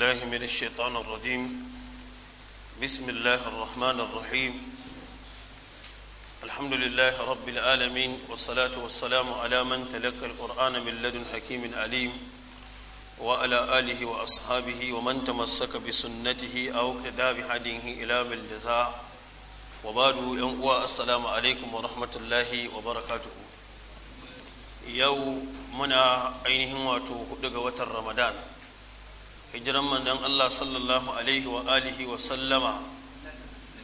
بالله من الشيطان الرجيم بسم الله الرحمن الرحيم الحمد لله رب العالمين والصلاة والسلام على من تلقى القرآن من لدن حكيم عليم وعلى آله وأصحابه ومن تمسك بسنته أو اقتدى بهديه إلى بالجزاء وبعد ينقوى السلام عليكم ورحمة الله وبركاته يوم منا عينهم واتو daga watan Ramadan hijiran manzon Allah sallallahu alaihi wa alihi wa sallama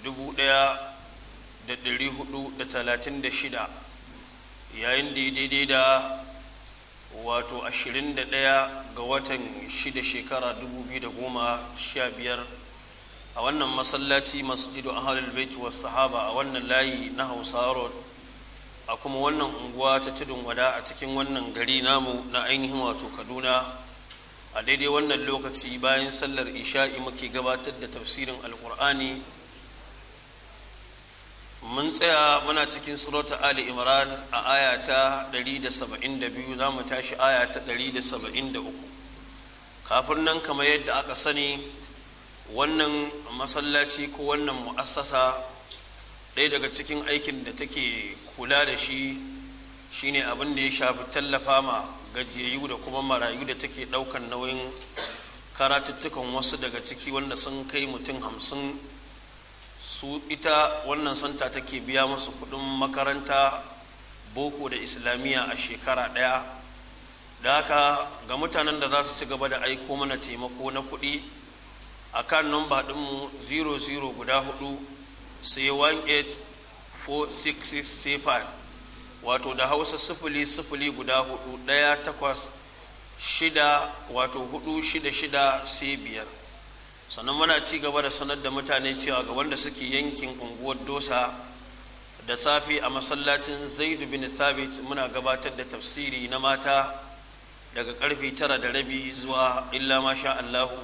1436 yayin da daidai da wato 21 ga watan 6 shekara 2015 a wannan masallaci masjidu ahlul bait wa sahaba a wannan layi na Hausa road a kuma wannan unguwa ta tudun wada a cikin wannan gari namu na ainihin wato Kaduna a daidai wannan lokaci bayan sallar isha'i muke gabatar da tafsirin alkur'ani mun tsaya muna cikin surata ali imran a aya ta 172 za mu tashi aya ta 173 kafin nan kama yadda aka sani wannan masallaci ko wannan mu'assasa ɗaya daga cikin aikin da take kula da shi shine abin da ya shafi tallafa ma gajiyayyu da kuma marayu da take ɗaukan nauyin karatuttukan wasu daga ciki wanda sun kai mutum hamsin su ita wannan santa take biya masu kuɗin makaranta boko da islamiyya a shekara ɗaya da haka ga mutanen da za su ci gaba da aiko mana taimako na kuɗi a kan nomba dinmu 00 guda 4 sai 18 4665 wato da hausa sifili sifili guda hudu daya takwas shida wato hudu shida shida sai biyar sannan muna ci gaba da sanar da mutane cewa ga wanda suke yankin unguwar dosa da safe a masallacin zaidu bin thabit muna gabatar da tafsiri na mata daga karfe tara da rabi zuwa illa masha allahu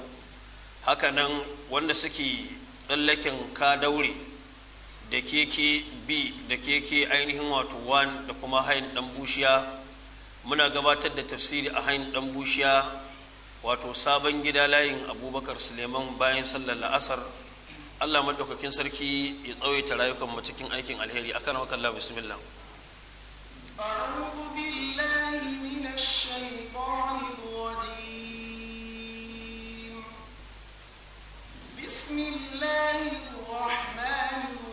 hakanan wanda suke tsallaken ka daure da keke b da keke ainihin wato 1 da kuma hain dan bushiya muna gabatar da tafsiri a hain dan bushiya wato sabon gida layin abubakar suleiman bayan sallar la'asar allah maɗaukakin sarki ya tsawaita rayukan mu cikin aikin alheri akan kan la bismillah بسم الله الرحمن الرحيم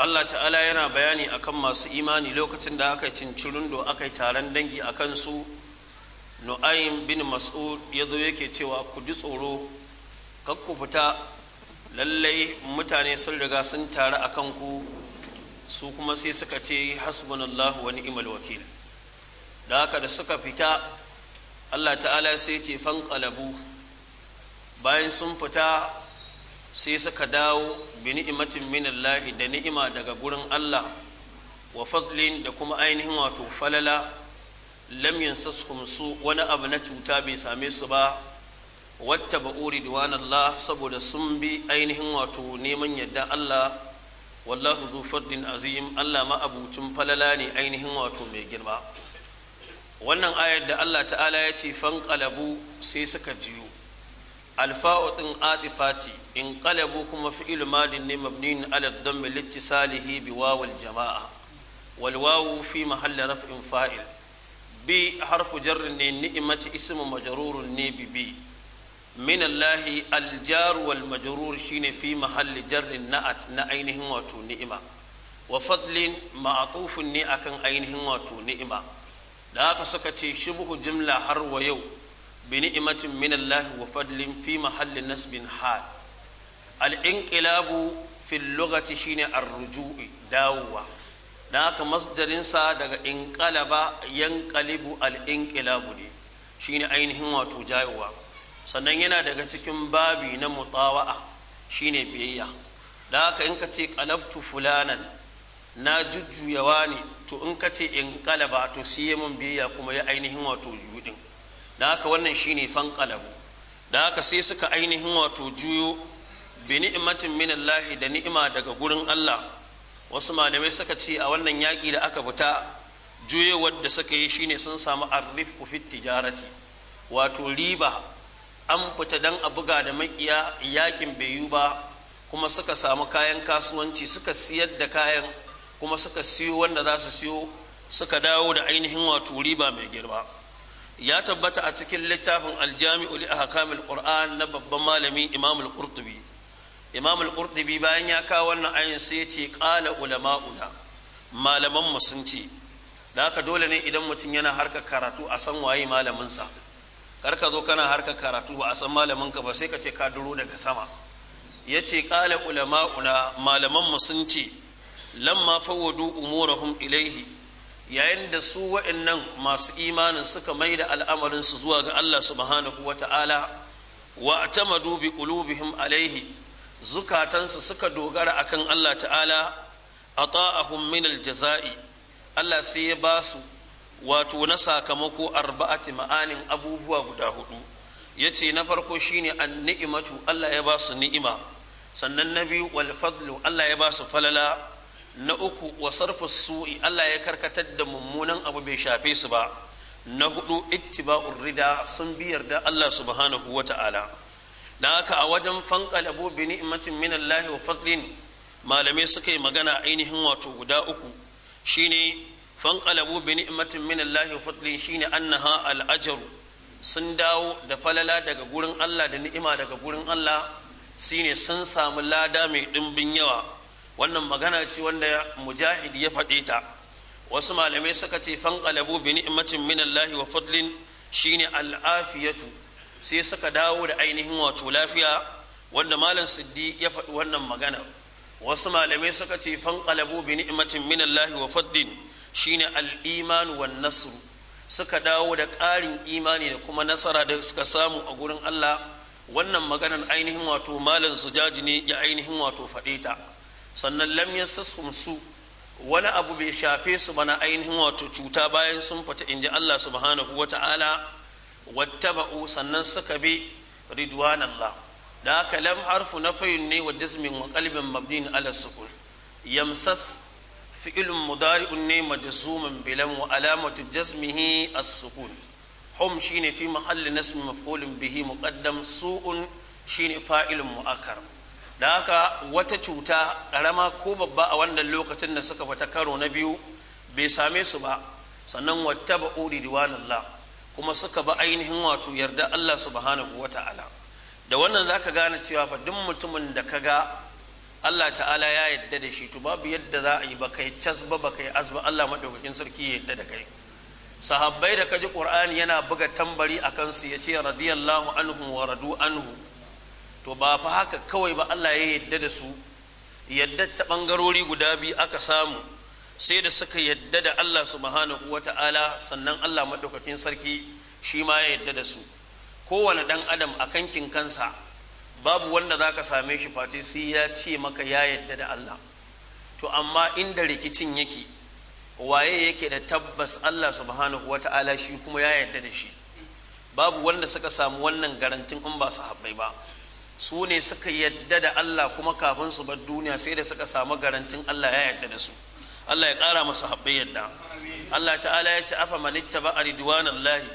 Allah ta'ala yana bayani akan masu imani lokacin da aka cincirin do aka yi taron dangi a kansu nu'ayin bin mas'ud ya zo yake cewa ku ji tsoro ku fita lallai mutane sun riga sun taru a kanku su kuma sai suka ce hasbunallah wani ni'mal wakil da haka da suka fita Allah ta'ala sai ce fanqalabu bayan sun fita sai suka dawo bi ni'imatin da ni'ima daga gurin Allah wa fadlin da kuma ainihin wato falala lam'yan yansaskum su wani abu na cuta bai same su ba wata ba'uri Allah saboda sun bi ainihin wato neman yadda Allah wallahu zu fadlin azim Allah ma abucin falala ne ainihin wato mai girma wannan ayar da Allah ta'ala ya ce fanqalabu sai suka jiyo alfa'u din atifa ce in qalabu kuma fi'il madin ne mabnin ala dhamm littisalihi bi wawal jama'a wal wawu fi mahalli raf'in fa'il bi harfu jar ne ni'mati ismu majrurun ne bi bi min Allah al jar wal majrur shine fi mahalli jar na'at na ainihin wato ni'ima wa fadlin ma'atufun ne akan ainihin wato ni'ima da haka suka ce buhu jumla har wa yau bini ni'matin min wa fadlin fi mahallin nasbin hal al-inqilabu shine ar-ruju'i dawowa dan daga inqalaba yankalibu al-inqilabu ne shine ainihin wato jayowa sannan yana daga cikin babi na mutawa'a shine biyayya da haka in ka ce qalaftu fulanan na jujjuyawa ne to in ka ce in to siye mun biyayya kuma ya ainihin wato juɗin da haka wannan shine fanqalabu da haka sai suka ainihin wato juyo bi ni'matin da ni'ima daga gurin Allah wasu malamai suka ce a wannan yaƙi da aka fita juyewar da suka yi shine sun samu arrifu fit tijarati wato riba an fita dan a buga da makiya yakin bai yi ba kuma suka samu kayan kasuwanci suka siyar da kayan kuma suka siyo wanda za su siyo suka dawo da ainihin wato riba mai girma ya tabbata a cikin littafin aljami'u li ahkamil qur'an na babban malami imam al-qurtubi imam al-qurtubi bayan ya kawo wannan ayin sai ya ce qala ulama'una malaman mu sun ce da haka dole ne idan mutum yana harka karatu a san waye malamin kar ka zo kana harka karatu ba a san malamin ka ba sai ka ce ka duro daga sama ya ce qala ulama'una malaman mu sun ce lamma fawadu umurahum ilaihi yayin da su waɗannan masu imanin suka mai da al'amarinsu zuwa ga Allah subhanahu wa ta'ala wa tamadu bi qulubihim alaihi zukatansu suka dogara akan Allah ta'ala ata'ahum min aljaza'i Allah sai ya ba su wato na sakamako arba'ati ma'anin abubuwa guda hudu yace na farko shine an ni'imatu Allah ya ba su ni'ima sannan na biyu wal fadlu Allah ya ba su falala na uku wa sarfa su'i Allah ya karkatar da mummunan abu bai shafe su ba na hudu ittiba'ur rida sun bi yarda Allah subhanahu wata'ala dan haka a wajen fanqalabu bi ni'matin min Allah wa fadlin malamai suka yi magana ainihin wato guda uku shine fanqalabu bi ni'matin min Allah wa fadlin shine annaha al ajr sun dawo da falala daga gurin Allah da ni'ima daga gurin Allah shine sun samu lada mai ɗimbin yawa wannan magana ce wanda mujahid ya faɗe ta wasu malamai suka ce fanqalabu bi ni'matin minallahi wa fadlin shine al'afiyatu sai suka dawo da ainihin wato lafiya wanda malam siddi ya faɗi wannan magana wasu malamai suka ce fanqalabu bi ni'matin minallahi wa fadlin shine al wa wan suka dawo da ƙarin imani da kuma nasara da suka samu a gurin Allah wannan maganar ainihin wato malam sujaji ne ya ainihin wato faɗe ta sannan lam yassasum su wani abu bai shafe su bana ainihin wato cuta bayan sun fita inji Allah subhanahu wata'ala wattaba'u sannan suka bi ridwan Allah da haka lam harfu nafiyun ne wa jazmin wa qalbin mabnin ala sukun yamsas fi'ilun mudari'un ne majzumin bilan wa alamatu jazmihi as-sukun hum shine fi mahalli nasmi maf'ulin bihi muqaddam su'un shine fa'ilun mu'akkar da haka wata cuta ƙarama ko babba a wannan lokacin da suka fita karo na biyu bai same su ba sannan wata ba Allah kuma suka ba ainihin wato yarda Allah subhanahu wa ta'ala da wannan za ka gane cewa fa duk mutumin da ka ga Allah ta'ala ya yadda da shi to babu yadda za a yi ba kai casba ba kai azba Allah maɗaukakin sarki ya yadda da kai sahabbai da ka ji ƙur'ani yana buga tambari a kansu ya ce radiyallahu anhu wa radu anhu to ba fa haka kawai ba Allah ya yadda da su yadda ta bangarori guda biyu aka samu sai da suka yadda da Allah subhanahu wata'ala sannan Allah madaukakin sarki shi ma ya yadda da su kowane ɗan adam a kankin kansa babu wanda za ka same shi face sai ya ce maka ya yadda da Allah to amma inda rikicin yake waye yake da tabbas Allah subhanahu wata'ala shi kuma ya yadda da shi babu wanda suka samu wannan garantin in ba su ba su ne suka yadda da Allah kuma kafin su bar duniya sai da suka samu garantin Allah ya yadda da su Allah ya ƙara masu habbai yadda Allah ta'ala ya ce afa man ittaba ridwanallahi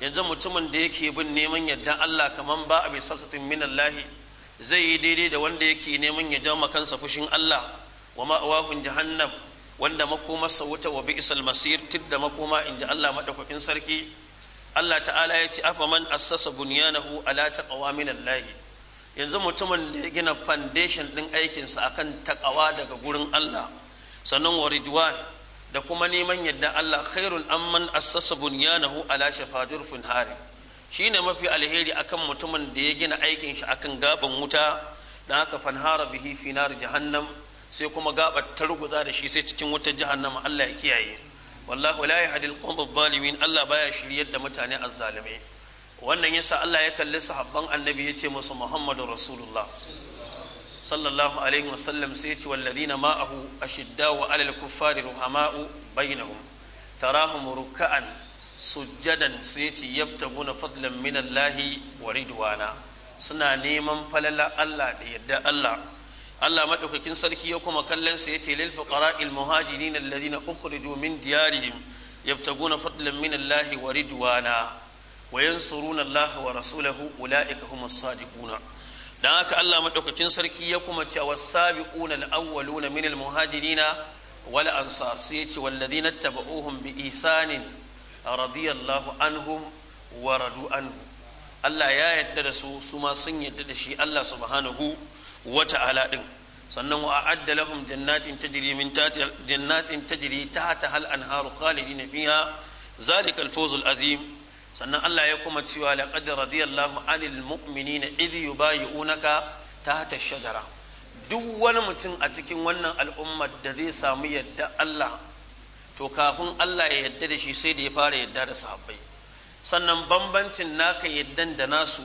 yanzu mutumin da yake bin neman yadda Allah kaman ba a bi sakatin minallahi zai yi daidai da wanda yake neman ya jama kansa fushin Allah wa ma'awahun jahannam wanda sa wuta wa bi'sal masir tidda makoma inda Allah madaukakin sarki Allah ta'ala ya ce afa man assasa bunyanahu ala taqwa minallahi yanzu mutumin da ya gina foundation din aikinsa akan takawa daga gurin Allah sannan wa ridwan da kuma neman yadda Allah khairun amman assasa bunyanahu ala shafadur hari shine mafi alheri akan mutumin da ya gina aikin shi akan gaban wuta dan haka fanhara bihi fi nar jahannam sai kuma gabar targuza da shi sai cikin wutar jahannama Allah ya kiyaye wallahu la yahdi qawm adh-dhalimin Allah baya shiryar da mutane azzalimai wannan yasa Allah ya kalli sahabban annabi ya ce musu Muhammadu Rasulullah sallallahu alaihi wasallam sai ya ce walladina ma'ahu ashiddaw alal kuffari ruhama'u bainahum tarahum ruk'an sujjadan sai ya ce yabtaguna fadlan min Allah wa ridwana suna neman falala Allah da yadda Allah Allah madaukakin sarki ya kuma kallon sa yace lil fuqara'il muhajirin alladhina ukhriju min diyarihim yabtaguna fadlan min Allah wa ridwana wa yansuruna Allah wa rasulahu ulaika humus sadiquna dan haka Allah madaukakin sarki ya kuma ce wasabiquna alawwaluna min almuhajirina wal ansar sai ya ce walladhina tabauhum bi isanin radiyallahu anhum wa radu anhu Allah ya yadda da su su sun yadda da shi Allah subhanahu wa ta'ala din sannan wa a'adda lahum jannatin tajiri min hal jannatin tajri anharu khalidina fiha zalika al azim sannan Allah ya kuma cewa laqad radiyallahu anil mu'minina idh yubayyi'unaka tahta shajara duk wani mutum a cikin wannan al'umma da zai samu yadda Allah to kafin Allah ya yadda da shi sai da ya fara yadda da sahabbai sannan bambancin naka yaddan da nasu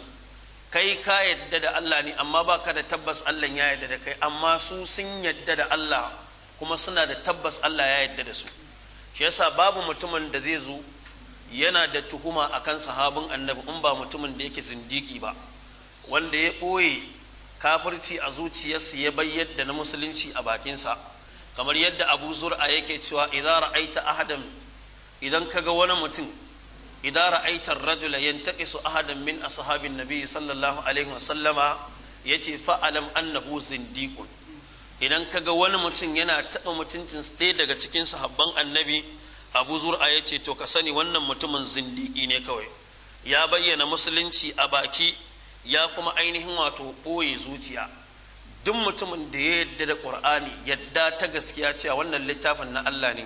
kai ka yadda da Allah ne amma baka da tabbas Allah ya yadda da kai amma su sun yadda da Allah kuma suna da tabbas Allah ya yadda da su shi yasa babu mutumin da zai zo yana da tuhuma a kan sahabin annabi in ba mutumin da yake zindiki ba wanda ya ɓoye kafirci a zuciyarsa ya bayyana da na musulunci a bakinsa kamar yadda abu zur'a yake cewa idan ra'aita ahadan idan kaga wani mutum idan ra'aita rajula yantaqisu ahadan min ashabin nabi sallallahu alaihi wa sallama yace fa alam annahu zindiqun idan kaga wani mutum yana taɓa mutuncin ɗaya daga cikin sahabban annabi abu zur'a ya ce to ka sani wannan mutumin zindiki ne kawai ya bayyana musulunci a baki ya kuma ainihin wato ɓoye zuciya duk mutumin da ya yadda da ƙur'ani yadda ta gaskiya cewa wannan littafin na Allah ne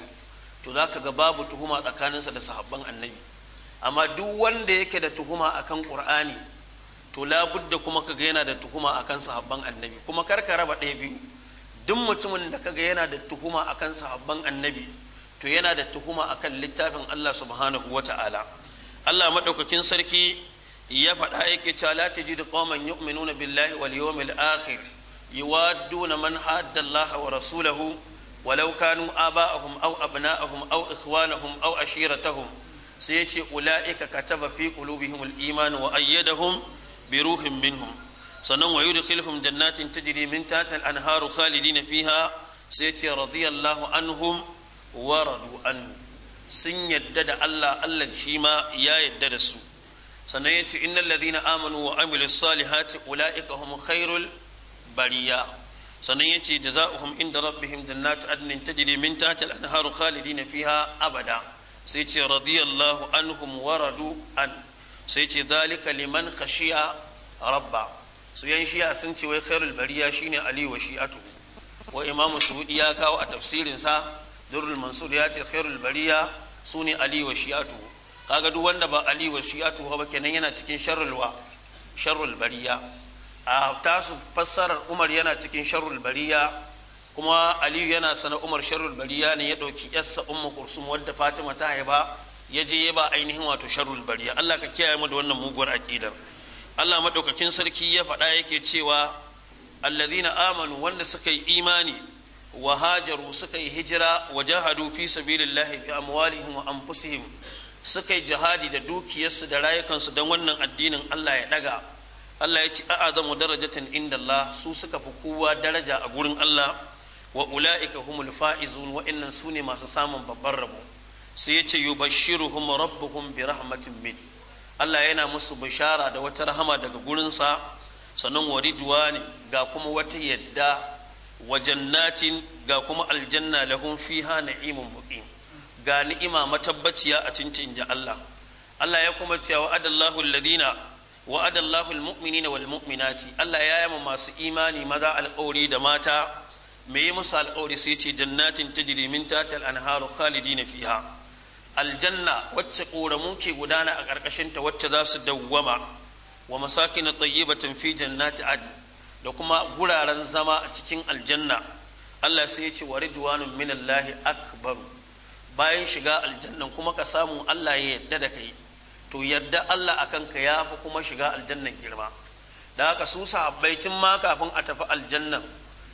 to za ka ga babu tuhuma tsakaninsa da sahabban annabi amma duk wanda yake da tuhuma akan kur'ani to labudda kuma ka ga yana da tuhuma akan sahabban annabi kuma kar ka raba ɗaya biyu duk mutumin da ka ga yana da tuhuma akan sahabban annabi to yana da tuhuma akan littafin Allah subhanahu wa ta'ala Allah maɗaukakin sarki ya faɗa yake cewa la tajidu qauman yu'minuna billahi wal yawmil akhir yuwadduna man hadda wa rasulahu walau kanu aba'ahum aw abna'ahum aw ikhwanahum aw ashiratahum sai yace ulaika kataba fi qulubihim al iman wa ayyadahum bi ruhin minhum sannan wa yudkhiluhum jannatin tajri min tahtiha al anharu khalidina fiha sai yace radiyallahu anhum waradu anhu sun yadda da Allah Allah shi ma ya yadda da su sannan yace innal ladina amanu wa amilu salihati ulaika hum khairul bariya sannan yace jazaohum inda rabbihim jannatu adnin tajri min tahtiha al-anharu khalidina fiha abada sai ce radiyallahu anhum waradu an sai ce dalika liman khashiya rabba su yan shiya sun ce wai khairul bariya shine ali wa shi'atu wa imamu suhudi ya kawo a tafsirinsa durrul mansur ya ce khairul bariya sune ali wa shi'atu kaga duk wanda ba ali wa shi'atu ba kenan yana cikin sharrul wa sharrul bariya a tasu fassarar umar yana cikin sharrul bariya kuma aliyu yana sana umar sharrul bariya ne ya ɗauki yassa ummu kursum wadda fatima ta haifa ya je ya ba ainihin wato sharrul bariya allah ka kiyaye mu da wannan muguwar aƙidar allah maɗaukakin sarki ya faɗa yake cewa allazina amanu wanda suka yi imani wa hajaru suka yi hijira wa jahadu fi sabilillahi bi amwalihim wa anfusihim suka yi jihadi da dukiyarsu da rayukansu don wannan addinin Allah ya daga Allah ya ce a'azamu darajatin inda Allah su suka fi kowa daraja a gurin Allah wa ula'ika humul fa'izun waɗannan su ne masu samun babban rabo sai ya ce yubashshiruhum rabbuhum bi rahmatin min Allah yana musu bishara da wata rahama daga gurinsa sannan wa ne ga kuma wata yadda wa jannatin ga kuma aljanna lahum fiha na'imun muqim ga ni'ima matabbaciya a cincin ji Allah Allah ya kuma cewa adallahu alladina wa adallahu almu'minina wal mu'minati Allah ya yama masu imani maza alƙawari da mata me yi musu alƙawari sai ce jannatin tajri min tahtiha al-anharu khalidina fiha aljanna wacce ƙoramu ke gudana a ƙarƙashinta wacce za su dawwama wa masakin tayyibatin fi jannati adn da kuma guraren zama a cikin aljanna Allah sai ya ce wa ridwanun minallahi akbar bayan shiga aljannan kuma ka samu Allah ya yadda da kai to yadda Allah akan ka ya fi kuma shiga aljannan girma da haka su sahabbai tun ma kafin a tafi aljannan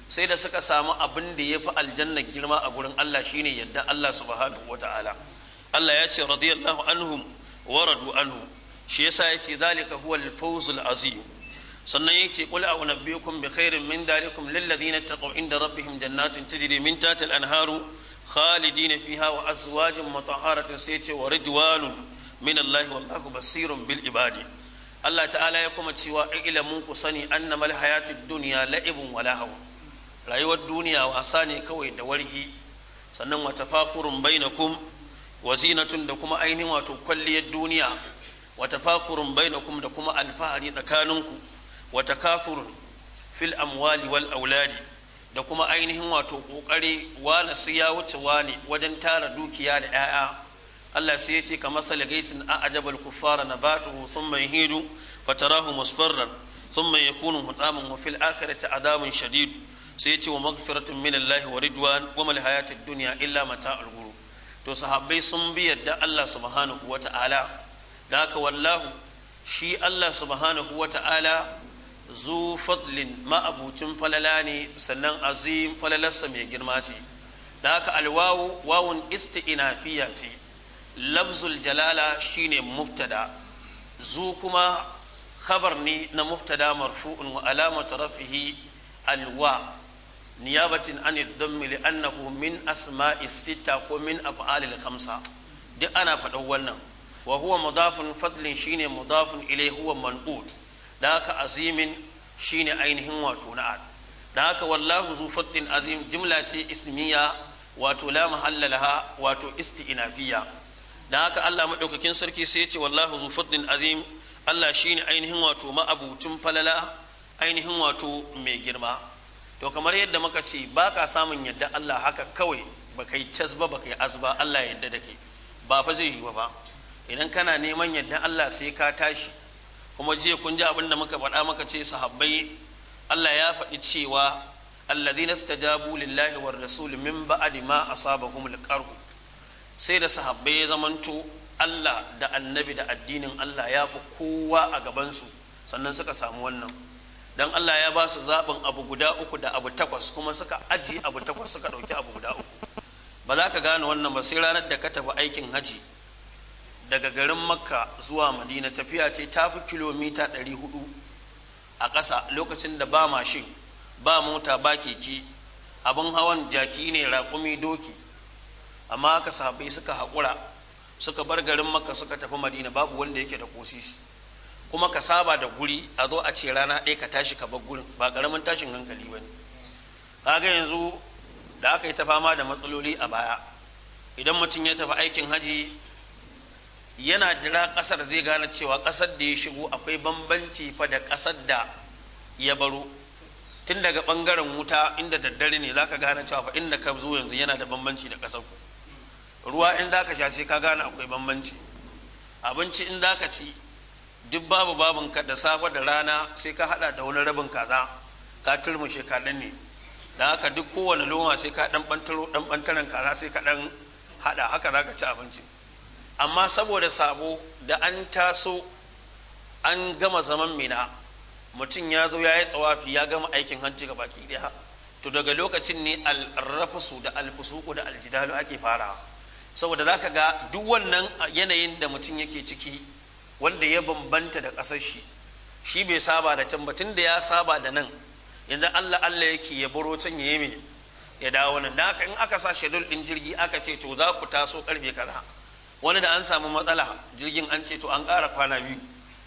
sai da suka samu abin da ya fi aljannan girma a gurin Allah shine yadda Allah subhanahu wataala Allah ya ce radiyallahu anhum wa radu anhu shi yasa ce zalika huwal fawzul azim sannan yace qul a bi khairin min dalikum lil ladina taqaw inda rabbihim jannatin tajri min tahtiha anharu khalidina fiha wa azwajun mutahharatun sai ce wa ridwanun min Allah wallahu basirun bil ibadi Allah ta'ala ya kuma cewa ilamu ku sani annamal hayatid dunya la'ibun wala haw rayuwar duniya wasa ne kawai da wargi sannan wa tafakurun bainakum wa zinatun da kuma ainihin wato kwalliyar duniya wa tafakurun bainakum da kuma alfahari tsakaninku Wata takathurun fil amwali wal auladi da kuma ainihin wato kokari wa su ya wuce wani wajen tara dukiya da 'ya'ya Allah sai ya ce ka masal gaisin a ajabal kuffara nabatuhu thumma yahidu fatarahu musfarran thumma yakunu hutaman wa fil akhirati adabun shadid sai ya ce wa maghfiratun min Allah wa ridwan wa mal hayatid dunya illa mata'ul ghurur to sahabbai sun bi yadda Allah subhanahu ta'ala da haka wallahu shi Allah subhanahu wata'ala zu fadlin ma'abucin falala ne sannan azim falalarsa mai girma ce da haka alwawu wawun isti'inafiya ce lafzul jalala shine mubtada zu kuma khabar ne na muftada marfu'un wa alamatu rafihi alwa niyabatin an dhammi li annahu min asma'i sita ko min af'alil khamsa duk ana faɗan wannan wa huwa mudafun fadlin shine mudafun ilai huwa man'ut da haka azimin shine ainihin wato na ad da haka wallahu zufaddin azim jimla ce ismiya wato la mahallalaha wato inafiya. da haka Allah maɗaukakin sarki sai ya ce wallahu zufaddin azim Allah shine ainihin wato ma'abutin falala ainihin wato mai girma to kamar yadda muka ce ba ka samun yadda Allah haka kawai ba kai cas ba ba kai az ba Allah yadda da ke ba fa zai yi ba idan kana neman yadda Allah sai ka tashi kuma jiya kun ji abin da muka faɗa maka ce sahabbai Allah ya faɗi cewa alladhina istajabu lillahi war rasul min ba'di ma asabahum alqarhu sai da sahabbai ya zamanto Allah da annabi da addinin Allah ya fi kowa a gabansu su sannan suka samu wannan dan Allah ya ba su zaɓin abu guda uku da abu takwas kuma suka aji abu takwas suka ɗauki abu guda uku ba za ka gane wannan ba sai ranar da ka tafi aikin haji daga garin makka zuwa madina tafiya ce ta fi kilomita 400 a ƙasa lokacin da ba mashin ba mota ba keke abin hawan jaki ne raƙumi doki amma haka sahabbai suka haƙura suka bar garin makka suka tafi madina babu wanda yake da kosi kuma ka saba da guri a zo a ce rana ɗaya ka tashi ka bar gurin ba ƙaramin tashin hankali ba ne kaga yanzu da aka yi ta fama da matsaloli a baya idan mutum ya tafi aikin haji yana jira kasar zai gane cewa ƙasar da ya shigo akwai bambanci fa da ƙasar da ya baro tun daga ɓangaren wuta inda daddare ne zaka gane cewa fa inda ka zo yanzu yana da bambanci da ƙasar ku ruwa in zaka sha sai ka gane akwai bambanci abinci in zaka ci duk babu babun ka da safa da rana sai ka hada da wani rabin kaza ka turmushe ka ne da haka duk kowane loma sai ka dan bantaro dan bantaran kaza sai ka dan hada haka zaka ci abincin. amma saboda sabo da an taso an gama zaman mina mutum ya zo ya yi tsawafi ya gama aikin hanci ga baki ɗaya to daga lokacin ne alrafusu da alfusuku da aljidalu ake fara saboda za ka ga duk wannan yanayin da mutum yake ciki wanda ya bambanta da ƙasar shi shi bai saba da can batun da ya saba da nan yanzu allah allah yake ya baro can ya yi ya dawo nan da haka in aka sa shedul ɗin jirgi aka ce to za ku taso karfe kaza wani da an samu matsala jirgin an ce to an ƙara kwana biyu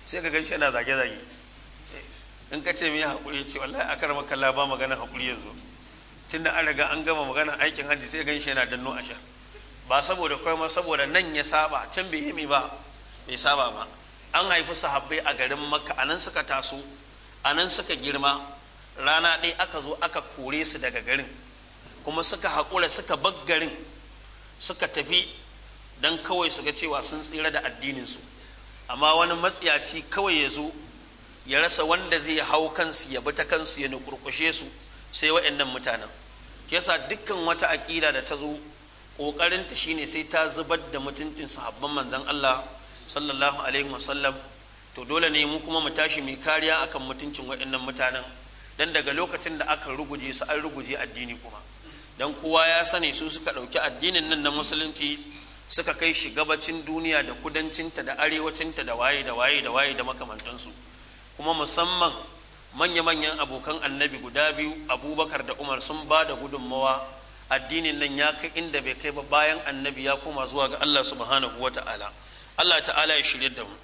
sai ka gan shi yana zage-zage in ka ce mai haƙuri ce wallahi a kar makalla ba magana haƙuri yanzu tun da an riga an gama magana aikin hajji sai gan shi yana danno a sha ba saboda kwai saboda nan ya saba can bai yi ba bai saba ba an haifi sahabbai a garin makka anan suka taso anan suka girma rana ɗaya aka zo aka kore su daga garin kuma suka haƙura suka bar garin suka tafi don kawai su ga cewa sun tsira da addininsu amma wani matsiyaci kawai ya zo ya rasa wanda zai hau kansu ya bi ta kansu ya nukurkushe su sai wa'annan mutanen yasa dukkan wata aƙida da ta zo ƙoƙarinta shine sai ta zubar da mutuncin sahabban manzon Allah sallallahu alaihi wasallam to dole ne mu kuma mu tashi mai kariya akan mutuncin wa'annan mutanen dan daga lokacin da aka ruguje su an ruguje addini kuma dan kowa ya sani su suka ɗauki addinin nan na musulunci suka kai shi gabacin duniya da kudancinta da arewacinta da waye da waye da waye da makamantansu kuma musamman manya-manyan abokan annabi guda biyu abubakar da umar sun ba da gudunmawa addinin nan ya kai inda bai kai ba bayan annabi ya koma zuwa ga allah subhanahu wata'ala allah ta'ala ya shirya da mu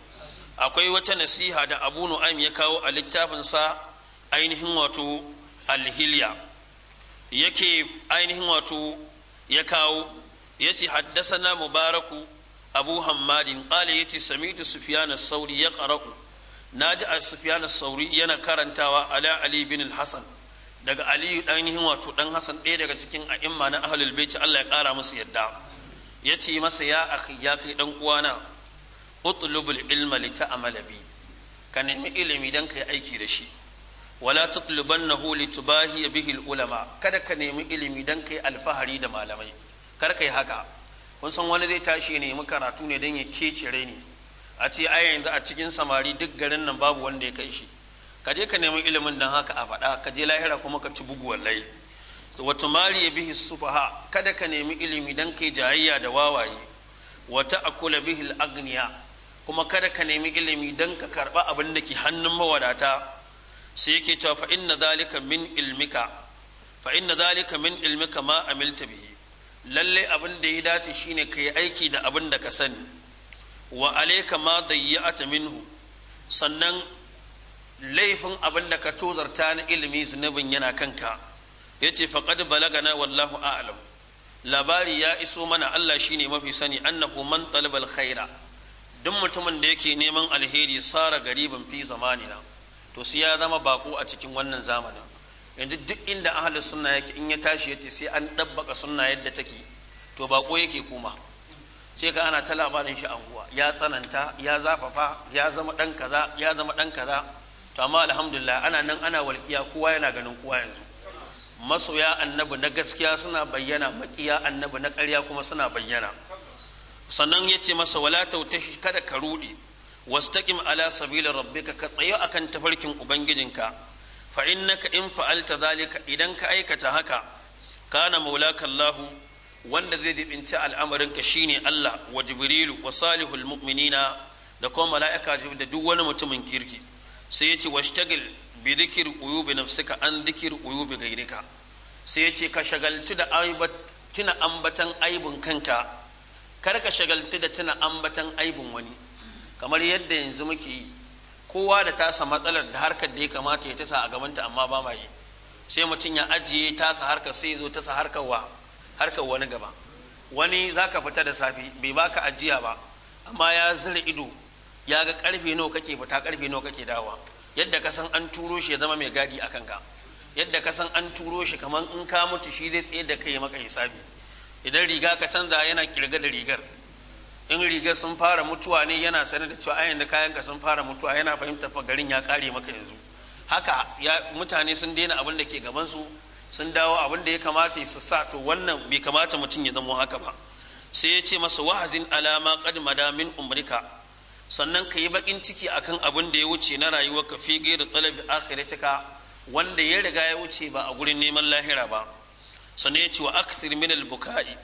akwai wata nasiha da abu nu'aim ya kawo a littafinsa ainihin wato alhiliya yake ainihin wato ya kawo yace haddasana mubaraku abu hammadin qala yace sami'tu sufyan as-sauri yaqra'u naji sufyan as-sauri yana karantawa ala ali bin daga ali dan wato ɗan hasan ɗaya daga cikin a'imma na ahlul bait Allah ya kara musu yadda yace masa ya akhi ya kai ɗan uwana utlubul ilma lita'amala bi ka nemi ilimi dan kai aiki da shi wala tatlubannahu litubahi bihi al-ulama kada ka nemi ilimi dan kai alfahari da malamai kar kai haka kun san wani zai tashi ne mu karatu ne don ya ke cire ni a ce ai yanzu a cikin samari duk garin nan babu wanda ya kai shi ka je ka nemi ilimin don haka a faɗa ka je lahira kuma ka ci bugu wallahi wata mari ya bihi sufaha kada ka nemi ilimi don kai jayayya da wawaye wata akula bihi agniya kuma kada ka nemi ilimi don ka karɓa abin da ke hannun mawadata sai yake cewa fa inna zalika min ilmika fa inna zalika min ilmika ma amilta bihi lalle abin da ya dace shine ka yi aiki da abin da ka sani wa alaika ma dayya'ata minhu sannan laifin abin da ka tozarta na ilimi zunubin yana kanka yace balaga balagana wallahu a'lam labari ya iso mana Allah shine mafi sani annahu man talabal khaira duk mutumin da yake neman alheri sara garibin fi zamanina to sai ya zama bako a cikin wannan zamanin yanzu duk inda ahalin sunna yake in ya tashi ya ce sai an dabbaka sunna yadda take to bako yake kuma sai ka ana ta labarin shi huwa ya tsananta ya zafafa ya zama dan kaza ya zama dan kaza to amma alhamdulillah ana nan ana walƙiya kowa yana ganin kowa yanzu masoya annabi na gaskiya suna bayyana makiya annabi na ƙarya kuma suna bayyana sannan ya ce masa wala tautashi kada ka ruɗe taƙim ala sabila rabbika ka tsaye akan tafarkin ubangijinka fa innaka in fa'alta zalika idan ka aikata haka kana maulaka wanda zai dibinci al'amarinka shine Allah wa jibrilu wa salihul mu'minina da kuma mala'ika da duk wani mutumin kirki sai yace washtagil bi dhikri uyubi nafsika an dhikri uyubi ghayrika sai yace ka shagaltu da aibat tuna ambatan aibun kanka kar ka shagaltu da tuna ambatan aibun wani kamar yadda yanzu muke yi kowa da tasa matsalar da harkar da ya kamata ya tasa a gabanta amma ba ma yi sai mutum ya ajiye tasa harkar sai zo tasa harkar wani gaba wani za ka fita da safi bai baka ajiya ba amma ya zira ido ya ga karfe nawa kake fita karfe nawa kake dawa yadda ka san an turo shi ya zama mai gadi akan ka yadda ka san an turo shi kamar in ka mutu shi zai tsaye da kai maka hisabi idan riga ka canza yana kirga da rigar in riga sun fara mutuwa ne yana sanar da cewa ayan da kayanka sun fara mutuwa yana fahimta fa garin ya kare maka yanzu haka ya mutane sun daina abin da ke gaban su sun dawo abin da ya kamata su sa to wannan bai kamata mutum ya zama haka ba sai ya ce masa wahazin alama qad madamin umrika sannan ka yi bakin ciki akan abin da ya wuce na rayuwarka fi gairu talabi akhiratika wanda ya riga ya wuce ba a gurin neman lahira ba sannan ya ce wa aksir min al-buka'i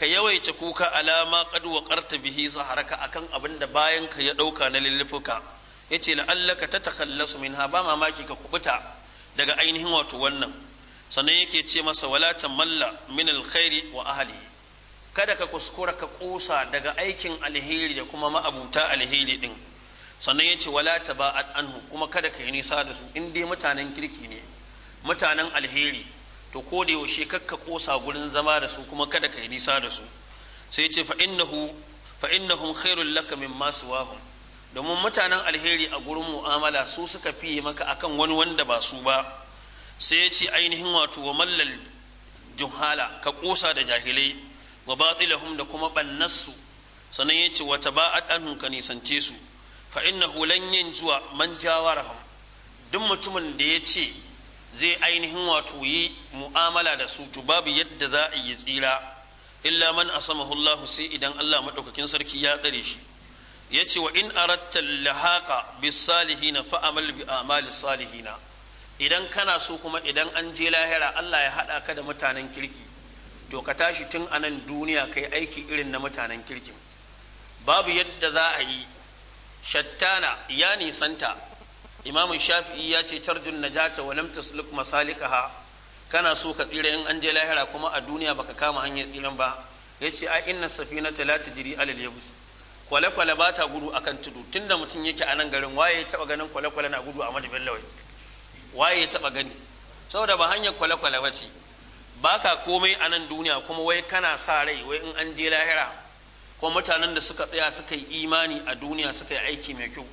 ka yawaita kuka alama qad waqarta bihi zaharaka akan abin da bayan ka ya dauka na lillifuka yace la'allaka tatakhallasu minha ba mamaki ka kubuta daga ainihin wato wannan sannan yake ce masa wala tamalla min alkhairi wa ahli kada ka kuskura ka kusa daga aikin alheri da kuma ma'abuta alheri din sannan yace wala taba'at anhu kuma kada ka yi nisa da su in dai mutanen kirki ne mutanen alheri to ko da yaushe kakka kosa gurin zama da su kuma kada ka yi nisa da su sai ce fa innahu fa innahum khairul laka domin mutanen alheri a gurin mu'amala su suka fiye maka akan wani wanda ba su ba sai ya ce ainihin wato wa mallal juhala ka kosa da jahilai wa batilahum da kuma bannassu sannan ya ce ba ba a ka nisance su fa innahu lan zuwa man jawarahum duk mutumin da ya ce zai ainihin wato yi mu'amala da su to babu yadda za a yi tsira illa man asamahu Allah sai idan Allah madaukakin sarki ya tsare shi yace wa in aratta lahaqa bis salihin fa amal bi amalis salihin idan kana so kuma idan an je lahira Allah ya hada ka da mutanen kirki to ka tashi tun anan duniya kai aiki irin na mutanen kirkin babu yadda za a yi shattana ya nisanta imamu shafi'i ya ce tarjun najata wa lam tasluk masalikaha kana so ka tsira in an je lahira kuma a duniya baka kama hanyar tsiran ba yace a inna safinata la tajri alal yabus kwale kwale ba ta gudu akan tudu tunda mutum yake a nan garin waye ya taba ganin kwale kwale na gudu a madubin lawai waye ya taba gani saboda ba hanyar kwale kwale ba ce baka komai a nan duniya kuma wai kana sa rai wai in an je lahira ko mutanen da suka tsaya suka yi imani a duniya suka yi aiki mai kyau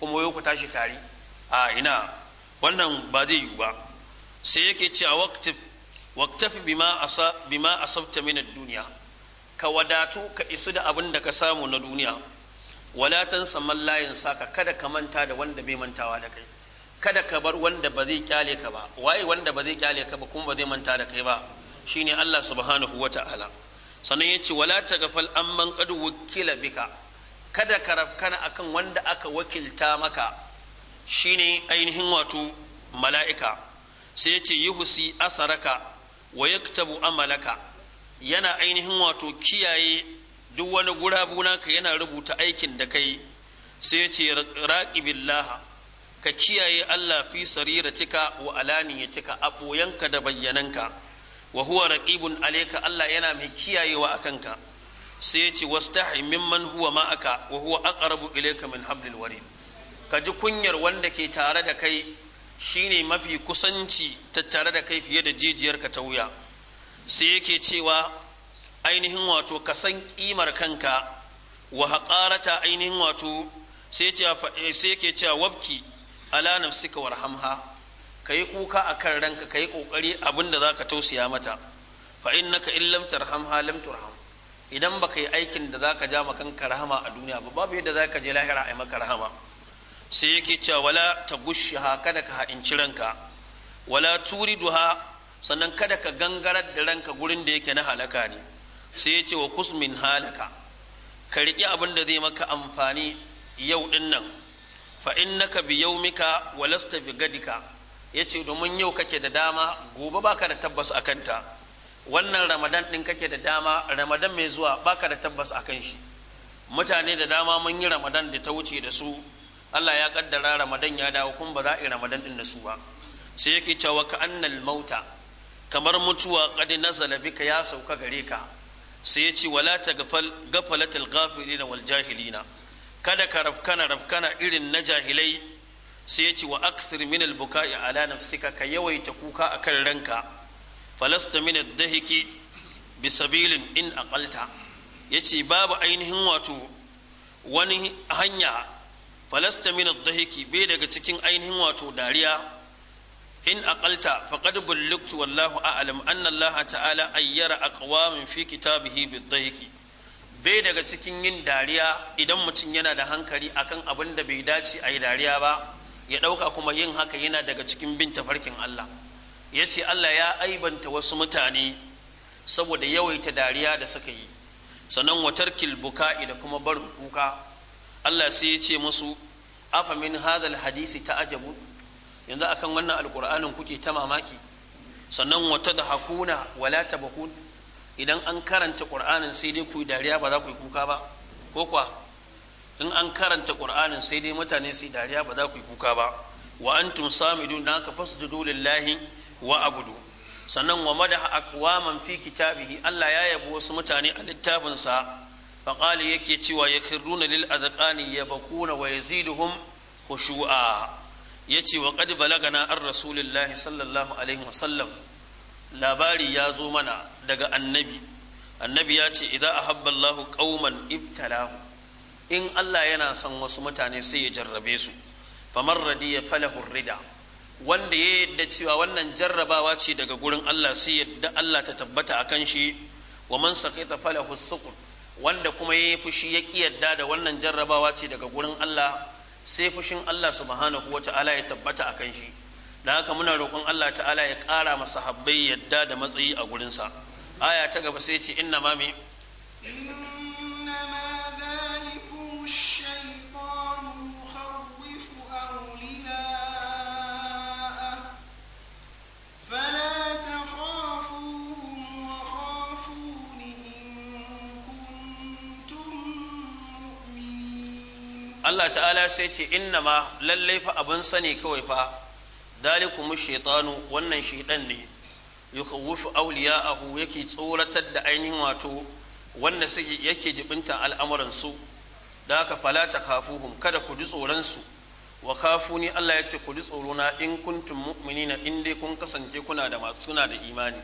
kuma wai ku tashi tare a ina wannan ba zai yiwu ba sai yake cewa a waqtafi bima asa bima asabta min duniya ka wadatu ka isu da abin da ka samu na duniya walatan saman layin saka kada ka manta da wanda bai mantawa da kai kada ka bar wanda ba zai kyale ka ba waye wanda ba zai kyale ka ba kuma ba zai manta da kai ba shine Allah subhanahu Ta'ala. sannan yace wala taghfal amman qad wukila bika kada ka rafkana akan wanda aka wakilta maka shine ainihin wato mala'ika sai ya ce yuhsi asaraka wa yaktabu amalaka yana ainihin wato kiyaye duk wani gurabu naka yana rubuta aikin da kai sai ya ce raqibillah ka kiyaye Allah fi sariratika wa alaniyatika a boyanka da bayyananka wa huwa raƙibun Allah yana mai kiyayewa kanka. sai ya ce haimin mimman huwa ma'aka wa huwa aqrabu ilayka min hablil warid ka ji kunyar wanda ke tare da kai shine mafi kusanci tare da kai fiye da jijiyarka ta wuya sai yake cewa ainihin wato ka san kimar kanka wa haƙarata ainihin wato eh, sai yake cewa wabki ala nafsika warhamha ka yi kuka a kan ranka ka yi ƙoƙari abin da za ka tausaya mata fa innaka in tarhamha lam turham idan baka yi aikin da za ka ja ma kanka rahama a duniya ba babu yadda za ka je lahira a maka rahama sai yake cewa wala ta gushiha kada ka ha'inci ranka wala turi duha, sannan kada ka gangarar da ranka gurin da yake na halaka ne sai ya ce wa kusmin halaka ka riƙi abin da zai maka amfani yau din nan fa innaka bi yaumika wa lasta bi gadika yace domin yau kake da dama gobe baka da tabbas a kanta, wannan ramadan ɗin kake da dama ramadan mai zuwa baka da tabbas akan shi mutane da dama mun yi ramadan da ta wuce da su Allah ya kaddara Ramadan ya dawo kuma ba za a yi Ramadan din da su ba sai yake cewa ka annal mauta kamar mutuwa qad nazala bika ya sauka gare ka sai ya ce wala ta gafalatul ghafilina wal jahilina kada ka rafkana rafkana irin na jahilai sai ya ce wa akthir min al buka'i ala nafsika ka yawaita kuka akan ranka falasta min ad dahiki bi sabilin in aqalta yace babu ainihin wato wani hanya falasta min dahiki bai daga cikin ainihin wato dariya in aqalta faqad bulligtu wallahu a'lam anna allaha ta'ala ayyara aqwamin fi kitabihi bidhahiki bai daga cikin yin dariya idan mutum yana da hankali akan abin da bai dace ayi dariya ba ya ɗauka kuma yin haka yana daga cikin bin tafarkin Allah yace Allah ya aibanta wasu mutane saboda yawaita dariya da suka yi sannan watar buka'i da kuma barin kuka Allah sai ya ce musu afa min hadal hadisi ta ajabu yanzu akan wannan alkur'anin kuke ta mamaki sannan wata da hakuna wala tabakun idan an karanta ƙur'anin sai dai ku dariya ba za ku yi kuka ba ko kuwa in an karanta ƙur'anin sai dai mutane su dariya ba za ku yi kuka ba wa antum samidun na ka fasjudu lillahi wa abudu sannan wa madaha aqwaman fi kitabihi Allah ya yabo wasu mutane a littafinsa faƙali yake cewa ya khirruna lil ya yabquna wa hushu'a, ya ce wa qad balagana an rasulillahi sallallahu alaihi wasallam labari ya zo mana daga annabi annabi ya ce idan ahabba Allahu qauman ibtalahu in Allah yana son wasu mutane sai ya jarrabe su famar radiya falahu rida wanda ya yadda cewa wannan jarrabawa ce daga gurin Allah sai yadda Allah ta tabbata a kan shi wa man saqita falahu suqut wanda kuma ya yi fushi ya ƙi yadda da wannan jarrabawa ce daga gurin Allah sai fushin Allah subhanahu wa ta'ala ya tabbata a kan shi da haka muna roƙon Allah ta'ala ya ƙara masa habbai yadda da matsayi a gurinsa aya ta gaba sai ce inna ma mi فلا تخافوا Allah ta'ala sai ce inna ma lallai fa abin sani kawai fa dalikum shaitanu wannan shaidan ne yukhawwifu awliya'ahu yake tsoratar da ainihin wato wanda suke yake jibinta al'amuran su da haka fala takhafuhum kada ku ji tsoron su wa kafuni Allah ya ce ku ji tsoro na in kuntum mu'minina in dai kun kasance kuna da masu suna da imani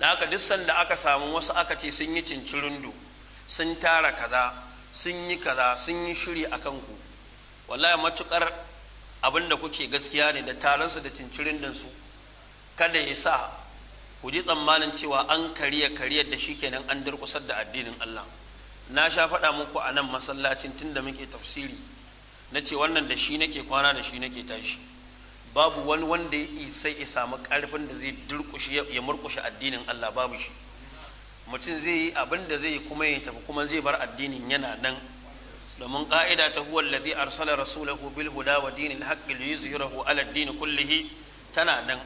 da haka duk sanda aka samu wasu aka ce sun yi cincirundu sun tara kaza sun yi kaza sun yi shiri a kanku wallahi matukar abinda kuke gaskiya ne da taronsu da cincirin dansu kada ya sa ku ji tsammanin cewa an kariya kariya da shi kenan an durkusar da addinin Allah na sha faɗa muku a nan masallacin tunda muke tafsiri na ce wannan da shi nake kwana da shi nake tashi babu wani wanda ya isa ya samu ƙarfin da zai durkushe ya murkushe addinin Allah babu shi mutum zai yi abin da zai kuma ya tafi kuma zai bar addinin yana nan domin ka'ida ta huwa alladhi arsala rasulahu bil huda wa dinil haqqi liyuzhirahu ala ad-din kullihi tana nan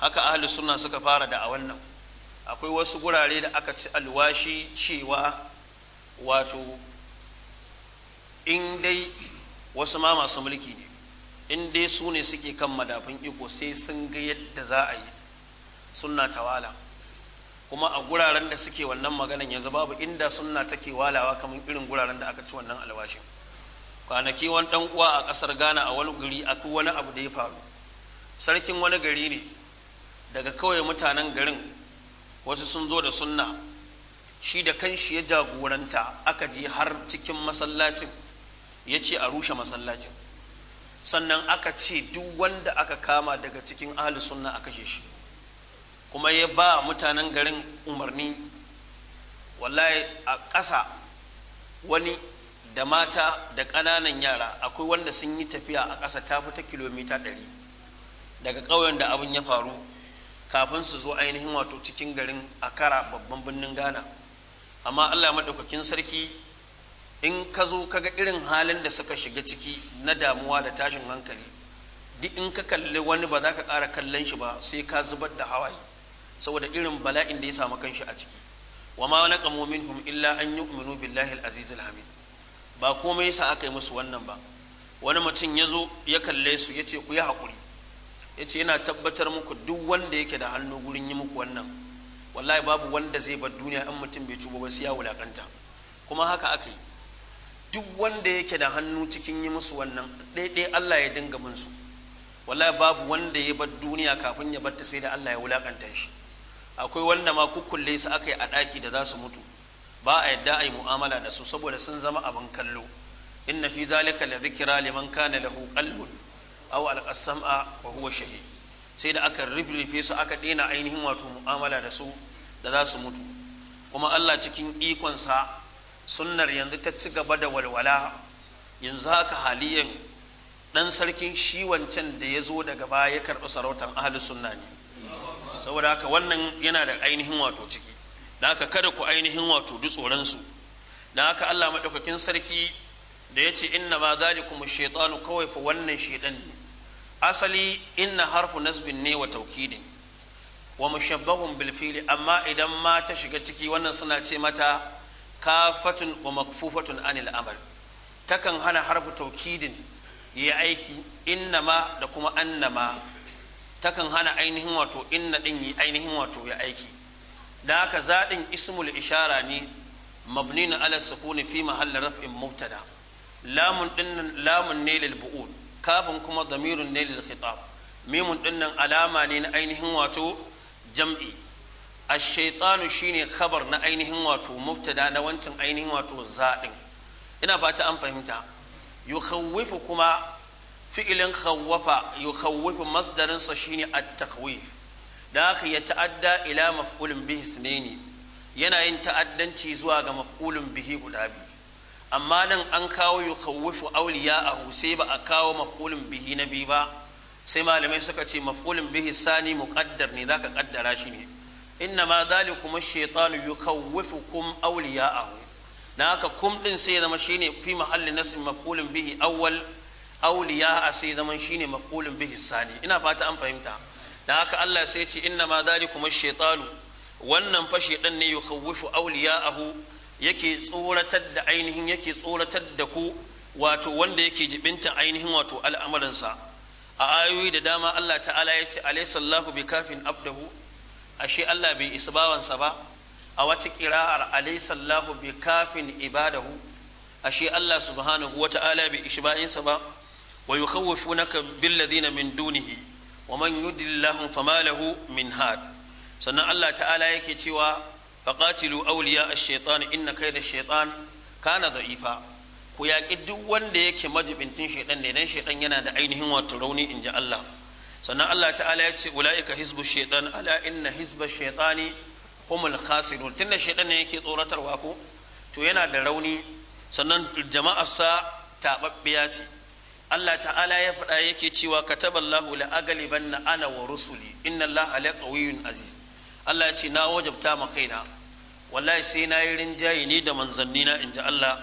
haka ahli sunna suka fara da a wannan akwai wasu gurare da aka ci alwashi cewa wato in dai wasu ma masu mulki ne in dai su ne suke kan madafin iko sai sun ga yadda za a yi sunna tawala kuma a guraren da suke wannan maganan yanzu babu inda sunna take walawa kamar irin guraren da aka ci wannan alwashin kwanaki wani dan uwa a kasar gana a wani guri a wani abu da ya faru sarkin wani gari ne daga kawai mutanen garin wasu sun zo da sunna shi da shi ya jagoranta aka je har cikin masallacin ya ce a rushe masallacin sannan aka ce duk wanda aka kama daga cikin ahli sunna a kashe shi kuma ya ba mutanen garin umarni wallahi a ƙasa wani da mata da ƙananan yara akwai wanda sun yi tafiya a ƙasa ta fi ta kilomita ɗari daga ƙauyen da abin ya faru kafin su zo ainihin wato cikin garin a akara babban birnin ghana amma allah maɗaukakin sarki in ka zo ka ga irin halin da suka shiga ciki na damuwa da tashin hankali duk in ka kalli wani ba za ka ƙara kallon shi ba sai ka zubar da hawaye saboda irin bala'in da ya samu kanshi a ciki wa ma kamomin hum illa an yu'minu billahi al-aziz ba komai yasa aka yi musu wannan ba wani mutum ya zo ya kalle su ya ce ku yi haƙuri ya ce yana tabbatar muku duk wanda yake da hannu gurin yi muku wannan wallahi babu wanda zai bar duniya in mutum bai cuba ba sai ya wulaƙanta. kuma haka aka yi duk wanda yake da hannu cikin yi musu wannan ɗaiɗai Allah ya dinga min su wallahi babu wanda ya bar duniya kafin ya bar ta sai da Allah ya wulaƙanta shi akwai wanda ma kukkulle su aka yi a ɗaki da za su mutu ba a yadda a yi mu'amala da su saboda sun zama abin kallo inna fi zalika la zikira liman kana lahu qalbun aw al-qasama wa huwa shahid sai da aka rifrife su aka dena ainihin wato mu'amala da su da za su mutu kuma Allah cikin ikonsa sunnar yanzu ta ci gaba da walwala yanzu haka haliyan dan sarkin shi wancan da ya zo daga baya ya karɓi sarautar ahlus sunna ne saboda haka wannan yana da ainihin wato ciki da haka kada ku ainihin wato du tsoronsu da haka Allah maɗaukakin sarki da ya ce inna ma zalikum shaytanu kawai fa wannan shaytan ne asali inna harfu nasbin ne wa taukidin wa mushabbahun bil fili amma idan ma ta shiga ciki wannan suna ce mata kafatun wa makfufatun anil amal takan hana harfu taukidin ya aiki inna ma da kuma annama takan hana ainihin wato inna din yi ainihin wato ya aiki da haka zaɗin ismul ishara ne mabni na ala sukuni fi mahallar raf'in mubtada lamun dinnan lamun ne lil bu'ud kafin kuma damirun ne lil khitab mimun dinnan alama ne na ainihin wato jam'i ash-shaytanu shine khabar na ainihin wato mubtada na wancan ainihin wato zaɗin ina fata an fahimta yukhawwifu kuma fi'ilin khawwafa yukhawwifu masdarin sa shine at-takhwif da ya ta'adda ila maf'ulin bihi sunaini yana yin ta'addanci zuwa ga maf'ulun bihi guda biyu amma nan an kawo yukhawwifu awliya'ahu sai ba a kawo maf'ulin bihi na biyu ba sai malamai suka ce maf'ulin bihi sani muqaddar ne zaka kaddara shi ne inna ma dhalikum ash-shaytanu yukhawwifukum awliya'ahu na haka kum din sai ya zama shine fi mahalli nasb maf'ulun bihi awwal awliya sai zaman shine maf'ulin bihi sani ina fata an fahimta da haka Allah sai ya ce inna ma zalikum ash-shaytanu wannan fa shaytan ne yukhawwifu awliya'ahu yake tsoratar da ainihin yake tsoratar da ku wato wanda yake jibinta ainihin wato al'amuransa a ayoyi da dama Allah ta'ala ya ce alaysa Allahu bikafin abdahu ashe Allah bai isa bawansa ba a wata kira'ar alaysa bikafin ibadahu ashe Allah subhanahu wata'ala bai ishi bayinsa ba wa yukhawwifunaka billadhina min dunihi wa man yudillahum fama lahu min had sannan Allah ta'ala yake cewa faqatilu awliya ash-shaytan inna kayda ash-shaytan kana da'ifa ku yaƙi duk wanda yake majibintin shaiɗan ne dan shaiɗan yana da ainihin wato rauni in ji Allah sannan Allah ta'ala ya ce ula'ika hizbu shaitan ala inna hizba shaitani humul khasirun tunda shaiɗan ne yake tsoratarwa ko to yana da rauni sannan sa taɓaɓɓiya ce Allah ta'ala ya faɗa yake cewa kataballahu la aghlibanna ana wa rusuli inna Allah laƙa, qawiyyun aziz Allah ya ce na wajabta ma kaina wallahi sai na yi rinjaye ni da manzanni na inji Allah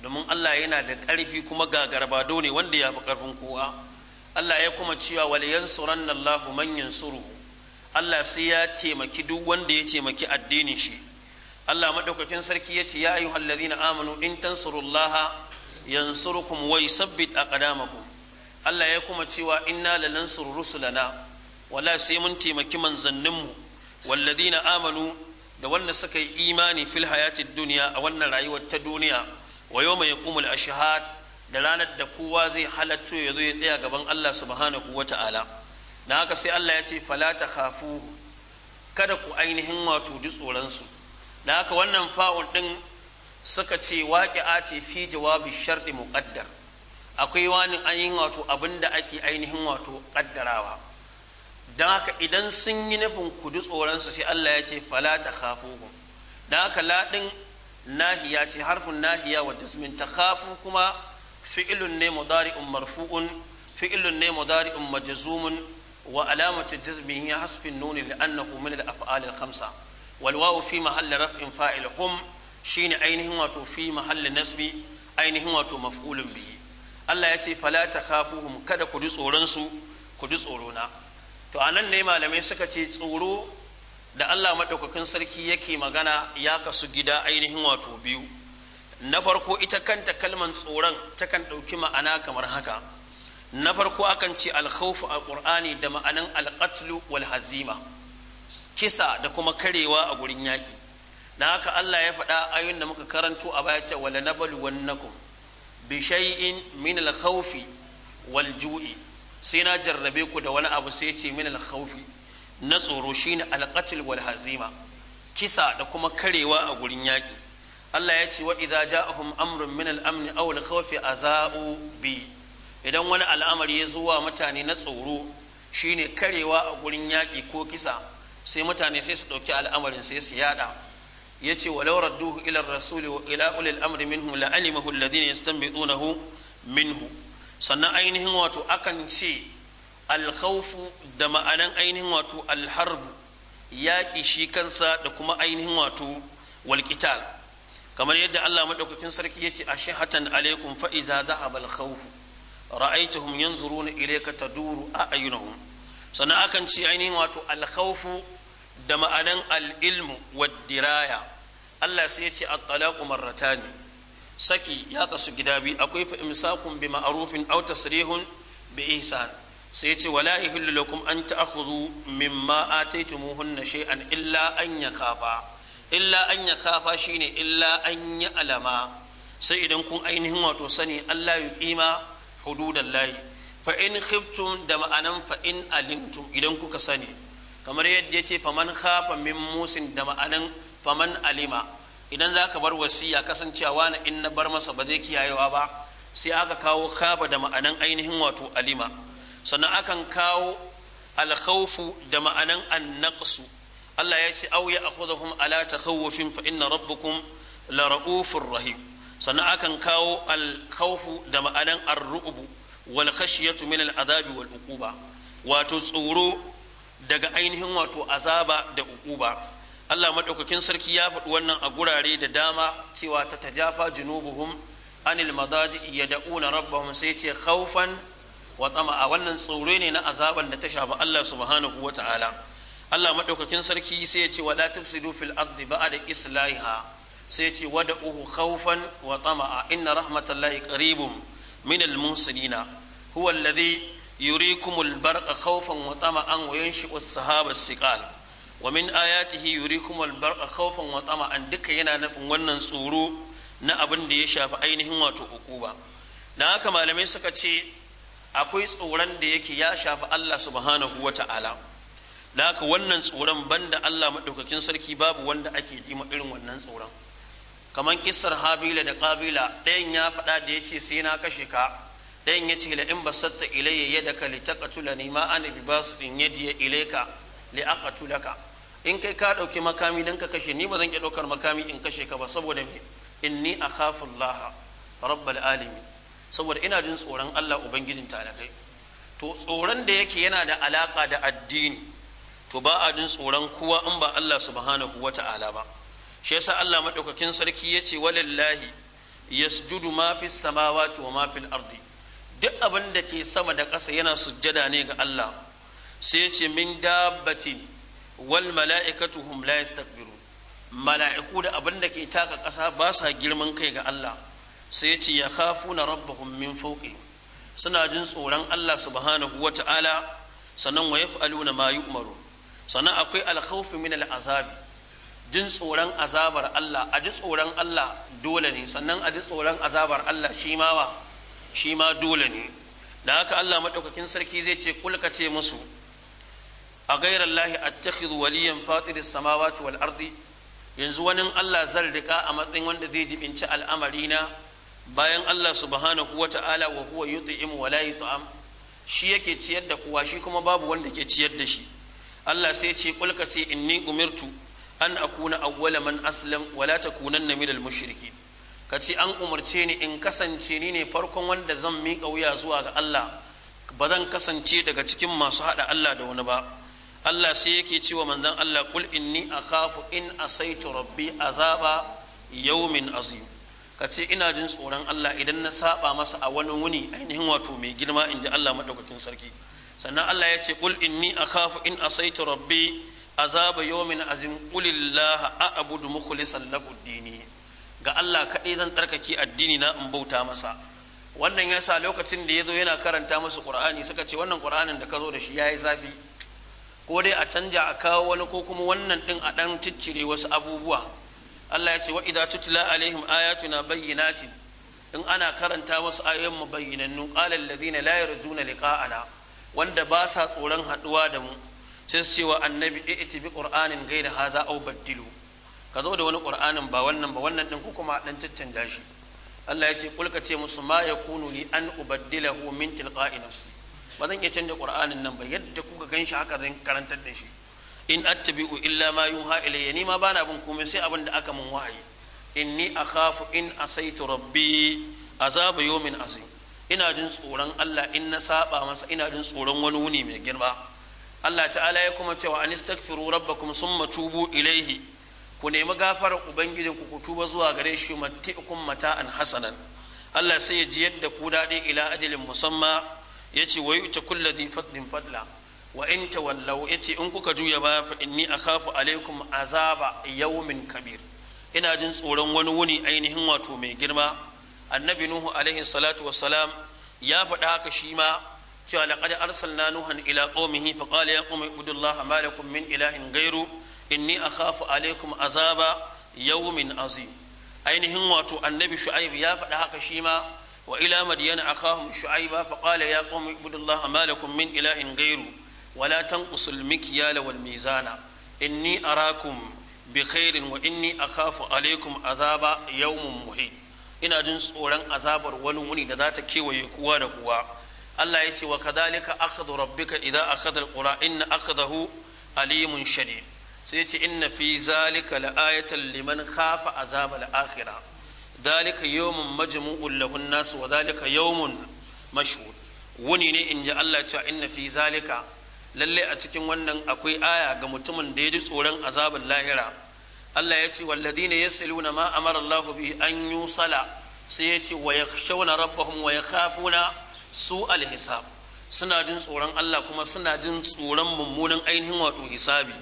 domin Allah yana da ƙarfi kuma gagarabado ne wanda ya fi ƙarfin kowa Allah ya kuma cewa wal yansuranna Allah man yansuru Allah sai ya taimaki duk wanda ya taimaki addinin shi Allah madaukakin sarki ya ce ya ayyuhallazina amanu in tansurullaha yansurukum wa yusabbit aqdamakum Allah ya kuma cewa inna lanansuru rusulana wala sai mun taimaki manzanninmu walladina amanu da wanda suka yi imani fil hayatid duniya a wannan rayuwar ta duniya wa yawma yaqumul ashhad da ranar da kowa zai halatto ya zo ya tsaya gaban Allah subhanahu wata'ala na haka sai Allah ya ce fala takhafu kada ku ainihin wato ji tsoron su da haka wannan fa'un din suka ce waƙi'a ce fi jawabi sharɗi muƙaddar akwai wani ainihin wato abin da ake ainihin wato ƙaddarawa don haka idan sun yi nufin kudu tsoronsu sai Allah ya ce fala ta kafu don haka laɗin nahiya ce harfin nahiya wa jazmin ta kafu kuma fi'ilun ne mudari'un marfu'un fi'ilun ne mudari'un majazumun wa alamatu ya hasfin nuni li'annahu min al-af'al al-khamsa wal wawu fi mahalli raf'in fa'il hum shine ainihin wato fi mahallin nasbi ainihin wato maf'ulun bihi Allah ya ce fala takhafuhum kada ku ji tsoron su ku ji tsoro na to anan ne malamai suka ce tsoro da Allah madaukakin sarki yake magana ya kasu gida ainihin wato biyu na farko ita kanta kalman tsoron ta kan ɗauki ma'ana kamar haka na farko akan ce alkhawfu a ƙur'ani da ma'anan alƙatlu wal hazima kisa da kuma karewa a gurin yaƙi dan haka Allah ya faɗa ayoyin da muka karanto a baya cewa wala nabalu wannakum bi shay'in min al khawfi wal ju'i sai na jarrabe ku da wani abu sai ce min al khawfi na tsoro shine al qatl wal hazima kisa da kuma karewa a gurin yaki. Allah ya ce wa idza ja'ahum amrun min al amni aw al khawfi azau bi idan wani al'amari ya zuwa mutane na tsoro shine karewa a gurin yaƙi ko kisa sai mutane sai su ɗauki al'amarin sai su yada yace walau radduhu ila rasuli wa ila ulil amri minhum la alimahu alladhina yastanbidunahu minhu sannan ainihin wato akan ce alkhawfu da ma'anan ainihin wato alharbu yaƙi shi kansa da kuma ainihin wato walƙital kamar yadda Allah maɗaukakin sarki ya ce a shahatan alaikum fa'iza za a balkhawfu ra'aituhum yanzuruna ilayka taduru a ayunahum sannan akan ce ainihin wato alkhawfu da ma'anan al'ilmu wa diraya Allah sai ya ce at-talaqu marratan saki ya kasu gida bi akwai fa imsakun bi ma'arufin aw tasrihun bi ihsan sai ya ce wala yahillu lakum an ta'khudhu mimma ataytumuhunna shay'an illa an yakhafa illa an yakhafa shine illa an ya alama sai idan kun ainihin wato sani Allah ya kima hududallahi fa in khiftum da ma'anan fa in alimtum idan kuka sani kamar yadda ya ce faman khafa min musin da ma'anin faman alima idan za ka bar wasiya kasancewa na in na bar masa ba zai kiyayewa ba sai aka kawo khafa da ma'anin ainihin wato alima sannan akan kawo alkhawfu da ma'anin annaqsu Allah ya ce aw ya akhudhum ala takhawufin fa inna rabbukum la ra'ufur rahim sannan akan kawo alkhawfu da ma'anin ar-ru'bu wal khashyatu min al-adabi wal uquba wato tsoro daga ainihin wato azaba da uquba Allah madaukakin sarki ya faɗi wannan a gurare da dama cewa ta tajafa junubuhum anil madaji yad'una rabbahum sai ce khawfan wa tama'a wannan tsoro ne na azaban da ta shafi Allah subhanahu wa ta'ala Allah madaukakin sarki sai ya ce wala tufsidu fil ardi ba'da islahiha sai ya ce wada'uhu khawfan wa tama'a inna rahmatallahi qaribum min al-muhsinina huwa alladhi yurikumul barqa khawfan wa tama'an wa yanshi'u as-sahaba as wa min ayatihi yurikumul barqa khawfan wa tama'an duka yana nufin wannan tsoro na abin da ya shafi ainihin wato ukuba dan haka malamai suka ce akwai tsoron da yake ya shafi Allah subhanahu wa ta'ala da haka wannan tsoron banda Allah maɗaukakin sarki babu wanda ake ji irin wannan tsoron kamar kisar habila da kabila ɗayan ya faɗa da ya ce sai na kashe ka ɗayan ya ce la'in basatta ilayya yadaka li taqtulani ma ana bi basitin yadiya ilayka li ka in kai ka ɗauki makami don ka kashe ni ba zan iya ɗaukar makami in kashe ka ba saboda me a akhafu laha rabbal alamin saboda ina jin tsoron Allah ubangijin talakai to tsoron da yake yana da alaka da addini to ba a jin tsoron kowa in ba Allah subhanahu wata'ala ba shi yasa Allah maɗaukakin sarki yace walillahi yasjudu ma fis samawati wa ma fil ardi duk abin da ke sama da ƙasa yana sujjada ne ga Allah sai ce min dabbatin wal mala'ikatu hum la yastakbiru mala'iku da abin da ke taka ƙasa ba sa girman kai ga Allah sai ce ya na rabbahum min fawqi suna jin tsoron Allah subhanahu wata'ala sannan wa yaf'aluna ma yu'maru sannan akwai alkhawfi min azabi jin tsoron azabar Allah a ji tsoron Allah dole ne sannan a ji tsoron azabar Allah shi ma shi ma dole ne da haka Allah maɗaukakin sarki zai ce kulkace musu a gairar lahi waliyyan waliyan fatiris samawati wal ardi yanzu wani Allah zan riƙa a matsayin wanda zai jibinci al'amarina bayan Allah subhanahu wa ta'ala wa huwa yut'imu wa la yut'am shi yake ciyar da kowa shi kuma babu wanda ke ciyar da shi Allah sai ce kulkace in inni umirtu an akuna awwala man aslam wa la takunanna minal mushrikin ka ce an umarce ni in kasance ni ne farkon wanda zan miƙa wuya zuwa ga Allah ba zan kasance daga cikin masu haɗa Allah da wani ba Allah sai yake ce wa manzon Allah kul inni akhafu in asaitu rabbi azaba yawmin azim ka ce ina jin tsoron Allah idan na saba masa a wani wuni ainihin wato mai girma in ji Allah madaukakin sarki sannan Allah ya ce kul inni akhafu in asaitu rabbi azaba yawmin azim qulillaha a'budu mukhlishan lahu dini ga Allah kaɗai zan tsarkake addini na in bauta masa wannan ya sa lokacin da ya zo yana karanta musu ƙur'ani suka ce wannan ƙur'anin da ka zo da shi ya yi zafi ko dai a canja a kawo wani ko kuma wannan ɗin a ɗan ciccire wasu abubuwa Allah ya ce wa idza tutula alaihim ayatuna bayyinatin in ana karanta masu ayoyin mu bayyinannu zina layar la yarjuna liqa'ana wanda ba sa tsoron haɗuwa da mu sai su ce wa annabi i'ti bi qur'anin ghayra haza au baddilu ka zo da wani qur'anin ba wannan ba wannan ɗin ko kuma ɗan caccanja shi Allah ya ce kul ka ce musu ma kunu li an ubaddilahu min tilqa'i nafsi ba zan iya canja qur'anin nan ba yadda kuka ganshi haka zan karantar da shi in attabi'u illa ma yuha ilayya ni ma bana bin komai sai abin da aka mun wahayi inni akhafu in asaitu rabbi azaba yawmin azim ina jin tsoron Allah in na saba masa ina jin tsoron wani wuni mai girma Allah ta'ala ya kuma cewa anistaghfiru rabbakum summa tubu ilaihi ku nemi gafarar ubangijin ku tuba zuwa gare shi mata an hasanan Allah sai ya ji yadda ku daɗi ila ajalin musamma yace wa yu'ta kullu fadlin fadla wa in Ya ce in kuka juya ba fa inni akhafu alaikum azaba yawmin kabir ina jin tsoron wani wuni ainihin wato mai girma annabi nuhu alaihi salatu wassalam ya faɗa haka shi ma cewa laqad arsalna nuhan ila qaumihi faqala ya qaumi ibudullaha ma lakum min ilahin gairu. inni akhafu alaikum azaba yawmin azim ainihin wato annabi shu'aib ya faɗi haka shi ma wa ila madiyana akhahum shu'aiba fa qala ya qaumi ibudullaha ma lakum min ilahin ghairu wa la tanqusul mikyala wal mizana inni arakum bi khairin wa inni akhafu alaikum azaba yawmin muhin ina jin tsoron azabar wani wuni da za ta kewaye kowa da kowa Allah ya ce wa kadhalika akhdhu rabbika idza akhadha alqura inna akhdahu alimun shadid sai ce inna fi zalika la'ayatan liman khafa azab al-akhirah dalika yawmun majmu'un lahun nas wa dalika yawmun mashhud wuni ne in ji Allah cewa inna fi zalika lalle a cikin wannan akwai aya ga mutumin da ya ji tsoron azabin lahira Allah ya ce walladina yasluna ma amara Allah bi an yusala sai ya ce wa yakhshawna rabbahum wa yakhafuna su al-hisab suna jin tsoron Allah kuma suna jin tsoron mummunan ainihin wato hisabi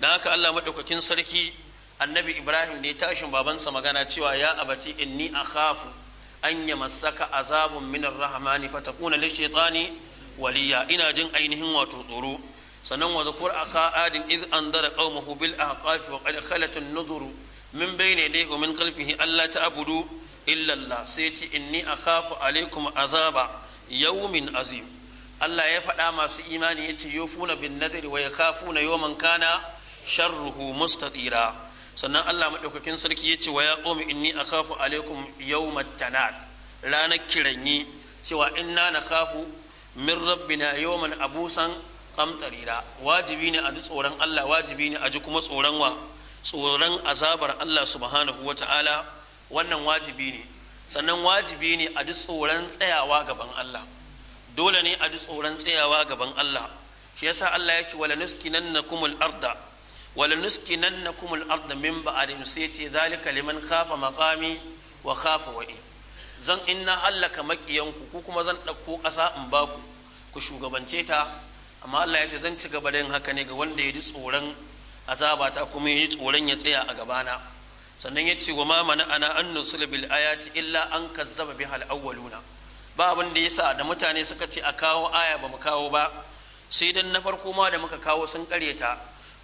dan haka Allah madaukakin sarki annabi Ibrahim da ya tashin babansa magana cewa ya abati inni akhafu an yamassaka azabun min ar-rahmani fatakuna lish-shaytani waliya ina jin ainihin wato tsoro sannan wa zakur aqa adin iz andara qaumahu bil ahqaf wa qad khalat an-nuzur min bayni yadayhi wa min khalfihi alla ta'budu illa Allah sai ce inni akhafu alaikum azaba yawmin azim Allah ya faɗa masu imani yace yufuna bin waya wa na yawman kana sharruhu mustadira sannan Allah madaukakin sarki ce wa ya qaumi inni akhafu alaikum yawmat tanad ranar kiranyi cewa inna nakhafu min rabbina yawman abusan qamtarira wajibi ne a ji tsoron Allah wajibi ne a ji kuma tsoron wa tsoron azabar Allah subhanahu wata'ala wannan wajibi ne sannan wajibi ne a ji tsoron tsayawa gaban Allah dole ne a ji tsoron tsayawa gaban Allah shi yasa Allah ya ce wala nuskinannakumul arda wala nuskinannakum al-ardh min ba'dihim sai ce zalika liman khafa maqami wa khafa zan inna hallaka makiyanku ku kuma zan ɗauko ƙasa in ba ku ku shugabance ta amma Allah ya ce zan ci gaba da yin haka ne ga wanda ya ji tsoron azabata kuma ya ji tsoron ya tsaya a gabana sannan ya ce wa mana ana an nusul bil ayati illa an kazzaba bi al awwaluna ba abin da yasa da mutane suka ce a kawo aya ba mu kawo ba sai dan na farko ma da muka kawo sun karyata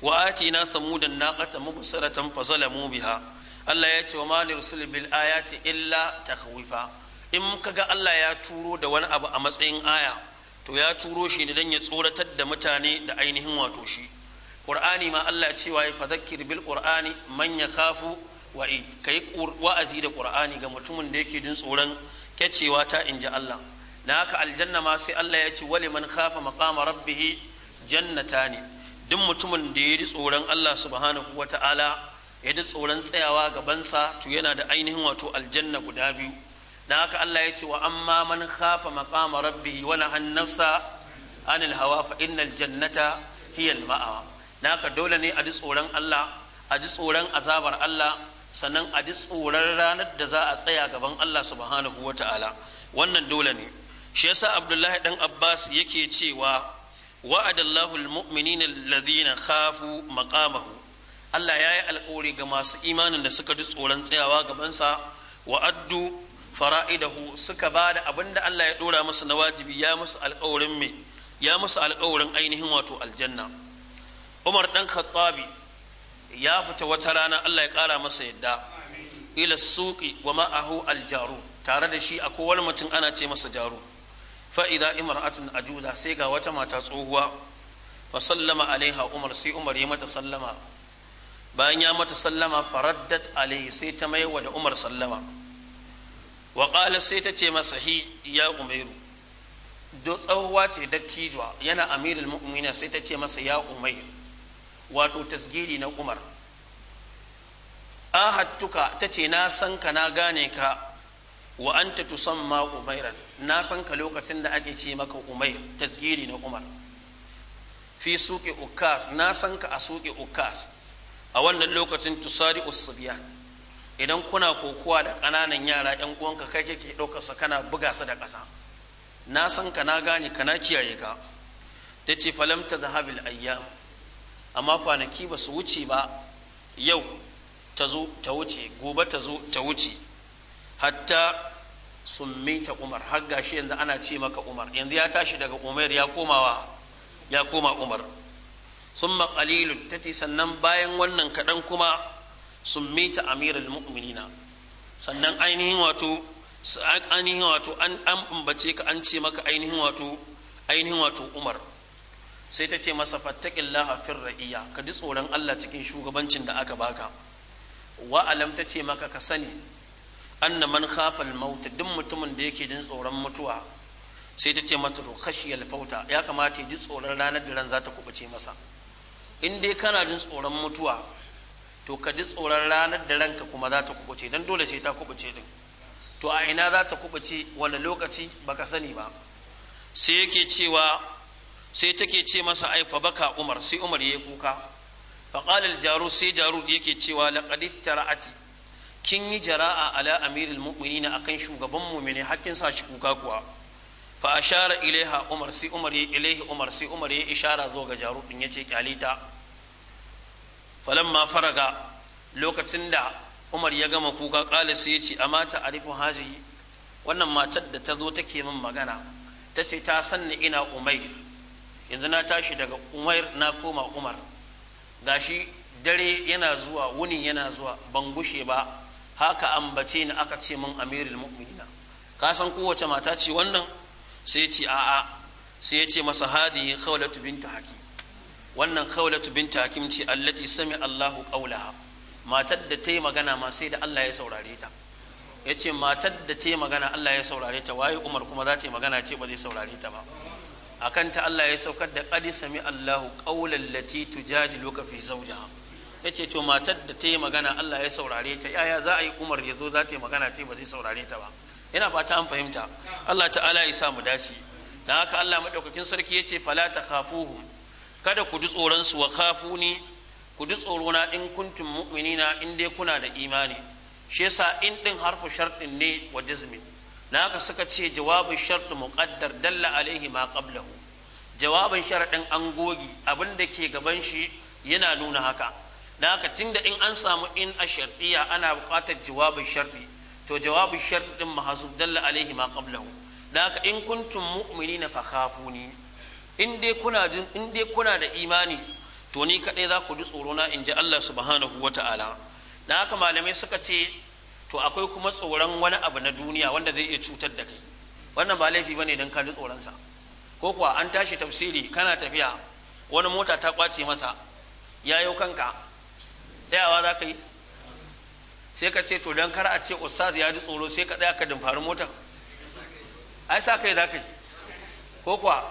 wa atina samudan naqata mubsiratan fazalamu biha Allah ya ce wa ma nursil bil ayati illa takhwifa in ga Allah ya turo da wani abu a matsayin aya to ya turo shi ne dan ya tsoratar da mutane da ainihin wato shi Qur'ani ma Allah cewa ya fadhakkir bil Qur'ani man yakhafu wa'i kai wa'azi da Qur'ani ga mutumin da yake jin tsoron kyacewa ta inji Allah na haka aljanna ma sai Allah ya ce wali man khafa maqama rabbih jannatani duk mutumin da ya ji tsoron Allah subhanahu wa ta'ala ya ji tsoron tsayawa gabansa to yana da ainihin wato aljanna guda biyu dan haka Allah ya ce wa amma man khafa maqama rabbihi wa an nafsa anil hawa fa innal jannata hiya al dan haka dole ne a ji tsoron Allah a ji tsoron azabar Allah sannan a ji tsoron ranar da za a tsaya gaban Allah subhanahu wa ta'ala wannan dole ne shi yasa Abdullahi dan Abbas yake cewa wa'ada Allahu almu'minina alladhina khafu maqamahu Allah yayi alƙawari ga masu imanin da suka ji tsoron tsayawa gaban sa wa addu fara'idahu suka abin da Allah ya dora musu na wajibi ya musu alƙawarin ainihin wato aljanna Umar ɗan Khattabi ya fita wata rana Allah ya ƙara masa yadda ila suqi wa ma'ahu aljaru tare da shi a wani mutum ana ce masa jaru fa'ida imra'atun ajuda sai ga wata mata tsohuwa fa sallama alaiha umar sai umar ya mata sallama bayan ya mata sallama faraddat alaihi sai ta mai wa da umar sallama wa qala sai ta ce masa hi ya umairu do tsohuwa ce dattijuwa yana amirul mu'mina sai ta ce masa ya umair wato tasgiri na umar ahattuka ta ce na san ka na gane ka wa anta tusamma umairan na san ka lokacin da ake ce maka umair tasgiri na umar fi suke ukas na san ka a suke ukas a wannan lokacin tusari usubiya idan kuna kokowa da ƙananan yara yan uwanka kai kake ɗaukar sa kana buga su da ƙasa na san ka na gane ka na kiyaye ka ta ce falam ta zahabil ayyam amma kwanaki ba su wuce ba yau ta zo ta wuce gobe ta zo ta wuce hatta summita umar har gashi yanzu ana ce maka umar yanzu ya tashi daga umar ya komawa ya koma umar summa qalilun tace sannan bayan wannan kadan kuma summita amirul mu'minina sannan ainihin wato ainihin wato an ambace ka an ce maka ainihin wato ainihin wato umar sai ta ce masa fattaqillaha fir ra'iya ka ji tsoron Allah cikin shugabancin da aka baka wa alam ta ce maka ka sani anna man khafa al-maut duk mutumin da yake jin tsoron mutuwa sai ta ce mata to kashi ya fauta ya kamata ya ji tsoron ranar da ran za ta kubuce masa in dai kana jin tsoron mutuwa to ka ji tsoron ranar da ranka kuma za ta kubuce dan dole sai ta kubuce din to a ina za ta kubuce wani lokaci baka sani ba sai yake cewa sai take ce masa ai fa baka umar sai umar yayi kuka fa qala al-jaru sai jaru yake cewa laqad tara'ati kin yi jara'a ala amirul mu'minina akan shugaban mu'mini hakkin sa shi kuka kuwa fa ashara ilaiha umar sai umar ya ilaihi umar sai umar ya ishara zo ga din yace kyalita falamma faraga lokacin da umar ya gama kuka kala sai yace amata arifu hazihi wannan matar da ta zo take min magana ta ce ta sanni ina umair yanzu na tashi daga umair na koma umar gashi dare yana zuwa wuni yana zuwa ban gushe ba haka ambace ni aka ce min amirul mu'minina ka san kowace mata ce wannan sai ce a'a sai ya ce masa hadihi khawlatu binta hakim wannan khawlatu binta hakim ce allati sami Allahu qawlaha matar da ta yi magana ma sai da Allah ya saurare ta ya ce matar da ta yi magana Allah ya saurare ta waye Umar kuma za ta yi magana ce ba zai saurare ta ba akan ta Allah ya saukar da qad sami Allahu qawlan lati tujadiluka fi zawjiha ya ce to matar da ta yi magana Allah ya saurare ta yaya za a yi umar ya zo za ta yi magana ce ba zai saurare ta ba yana fata an fahimta Allah ta'ala ya sa mu dace dan haka Allah madaukakin sarki ya ce fala takhafuhum kada ku ji tsoron su wa khafuni ku ji tsoro na in kuntum mu'minina in dai kuna da imani shi yasa in din harfu shartin ne wa jazmin dan haka suka ce jawabin shart muqaddar dalla alaihi ma qablahu jawabin sharadin an gogi abin da ke gaban shi yana nuna haka da haka da in an samu in a shar'iyya ana bukatar jawabin sharɗi to jawabin shar'i din mahasu dalla alaihi ma qablahu da haka in kuntum mu'minina na khafuni in dai kuna in dai kuna da imani to ni kadai za ku ji tsoro na in ji Allah subhanahu ta'ala da haka malamai suka ce to akwai kuma tsoron wani abu na duniya wanda zai iya cutar da kai wannan ba laifi bane dan ka ji tsoron sa ko kuwa an tashi tafsiri kana tafiya wani mota ta kwace masa Ya yi kanka tsayawa za ka yi sai ka ce to don kar a ce ustaz ya ji tsoro sai ka tsaya ka dimfari mota ai sa kai za ka yi ko kuwa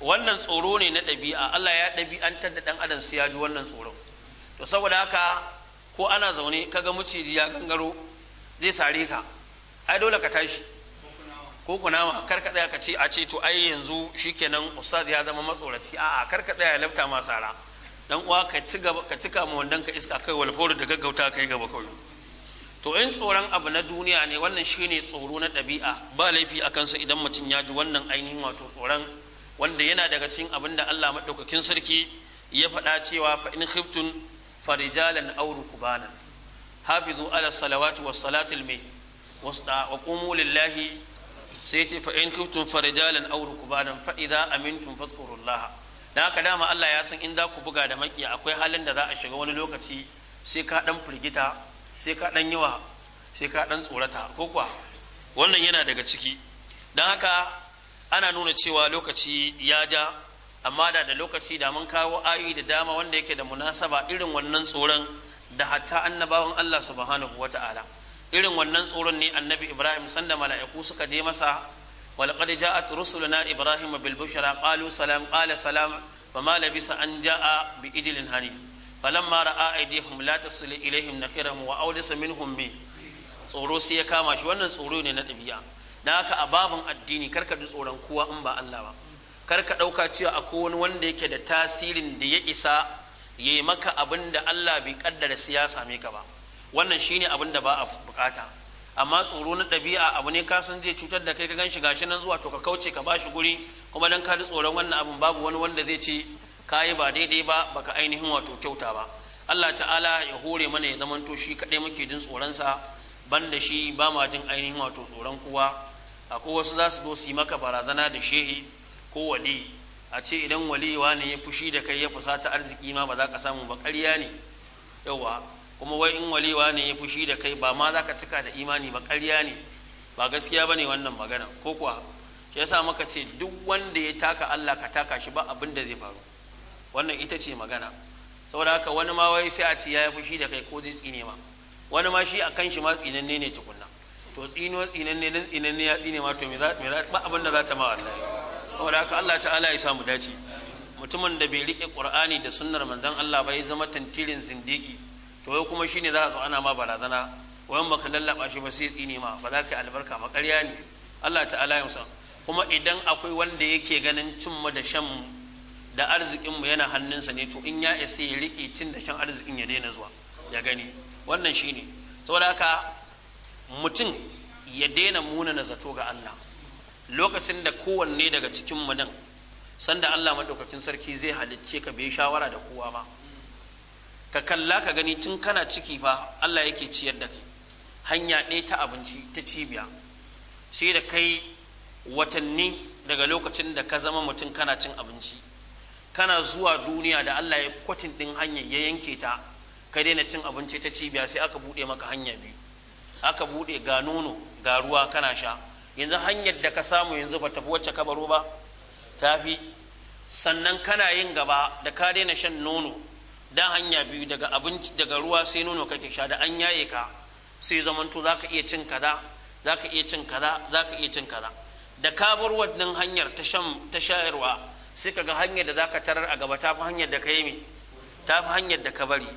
wannan tsoro ne na ɗabi'a Allah ya ɗabi'antar da ɗan adam sai ya ji wannan tsoron to saboda haka ko ana zaune kaga maciji ya gangaro zai sare ka ai dole ka tashi ko kunama kar ka tsaya ka ce a ce to ai yanzu shikenan ustaz ya zama matsoraci a'a kar ka tsaya ya lafta masara. dan uwa ka ci gaba ka cika mu wandan ka iska kai walfauru da gaggauta kai gaba kawai to in tsoron abu na duniya ne wannan shine tsoro na ɗabi'a ba laifi a kansa idan mutum ya ji wannan ainihin wato tsoron wanda yana daga cikin abin da Allah maɗaukakin sarki ya faɗa cewa fa in khiftun farijalan aw rukbanan hafizu ala salawati was salatil mai wasda wa qumu lillahi sai ce fa in khiftun farijalan aw rukbanan fa idza amintum fadhkurullaha da haka dama Allah ya san in za ku buga da maki akwai halin da za a shiga wani lokaci sai ka dan firgita sai ka dan yawa sai ka dan tsorata ko kuwa wannan yana daga ciki don haka ana nuna cewa lokaci ya ja amma da da lokaci da mun kawo ayoyi da dama wanda yake da munasaba irin wannan tsoron da hatta annabawan Allah subhanahu wata'ala irin wannan tsoron ne annabi Ibrahim sanda mala'iku suka je masa ولقد جاءت رسلنا إبراهيم بالبشرى قالوا سلام قال سلام فما لبس أن جاء بإجل هني فلما رأى أيديهم لا تصل إليهم نكرهم وأولس منهم به tsoro sai ya kama shi wannan tsoro ne na ɗabi'a na haka a babin addini karka ji tsoron kowa in ba Allah ba karka ɗauka cewa akwai wani wanda yake da tasirin da ya isa ya yi maka abin da Allah bai kaddara siyasa ya same ka ba wannan shine abin da ba a bukata amma tsoro na ɗabi'a abu ne ka san zai cutar da kai ka ganshi gashi nan zuwa to ka kauce ka bashi guri kuma dan ka ji tsoron wannan abun babu wani wanda zai ce ka yi ba daidai ba baka ainihin wato kyauta ba Allah ta'ala ya hore mana ya zaman to shi kaɗai muke jin tsoron sa da shi ba ma jin ainihin wato tsoron kowa akwai wasu za su zo su yi maka barazana da shehi ko wali a ce idan wali ne ya fushi da kai ya fusata arziki ma ba za ka samu ba ƙarya ne yawa kuma wai in waliwa ne ya fushi da kai ba ma za ka cika da imani ba ƙarya ne ba gaskiya ba ne wannan magana ko kuwa shi yasa muka ce duk wanda ya taka Allah ka taka shi ba abin da zai faru wannan ita ce magana saboda haka wani ma wai sai a ce ya fushi da kai ko zai tsine ma wani ma shi a kan shi ma tsinanne ne tukunna to tsino tsinanne dan tsinanne ya tsine ma to me za ba abin da za ta ma Allah saboda haka Allah ta'ala ya samu dace mutumin da bai rike Qur'ani da sunnar manzon Allah ba ya zama tantirin zindiki to wai kuma shine za a zo ana ma barazana wayan baka lallaba shi ba sai tsini ma ba za ka albarka ba ƙarya ne Allah ta'ala ya san kuma idan akwai wanda yake ganin cin mu da shan mu da arzikin mu yana hannunsa ne to in ya isa ya rike cin da shan arzikin ya daina zuwa ya gani wannan shine saboda haka mutum ya daina muna na zato ga Allah lokacin da kowanne daga cikin mu nan sanda Allah madaukakin sarki zai halicce ka bai shawara da kowa ba ka kalla ka gani tun kana ciki fa Allah yake ciyar da kai hanya ɗaya ta abinci ta cibiya sai da kai watanni daga lokacin da ka zama mutum kana cin abinci kana zuwa duniya da Allah ya kwatin ɗin hanyar ya yanke ta ka daina cin abinci ta cibiya sai aka buɗe maka hanya biyu aka buɗe ga nono ga ruwa kana sha yanzu hanyar da ka samu yanzu ba tafi wacce ka baro ba tafi sannan kana yin gaba da ka daina shan nono da hanya biyu daga abinci daga ruwa sai nono kake sha da an yaye ka sai zaman to zaka iya cin kaza zaka iya cin kaza zaka iya cin kaza da ka bar wannan hanyar ta shayarwa sai kaga hanyar da zaka tarar a gaba ta fi hanyar da ka yi mi ta fi hanyar da ka bari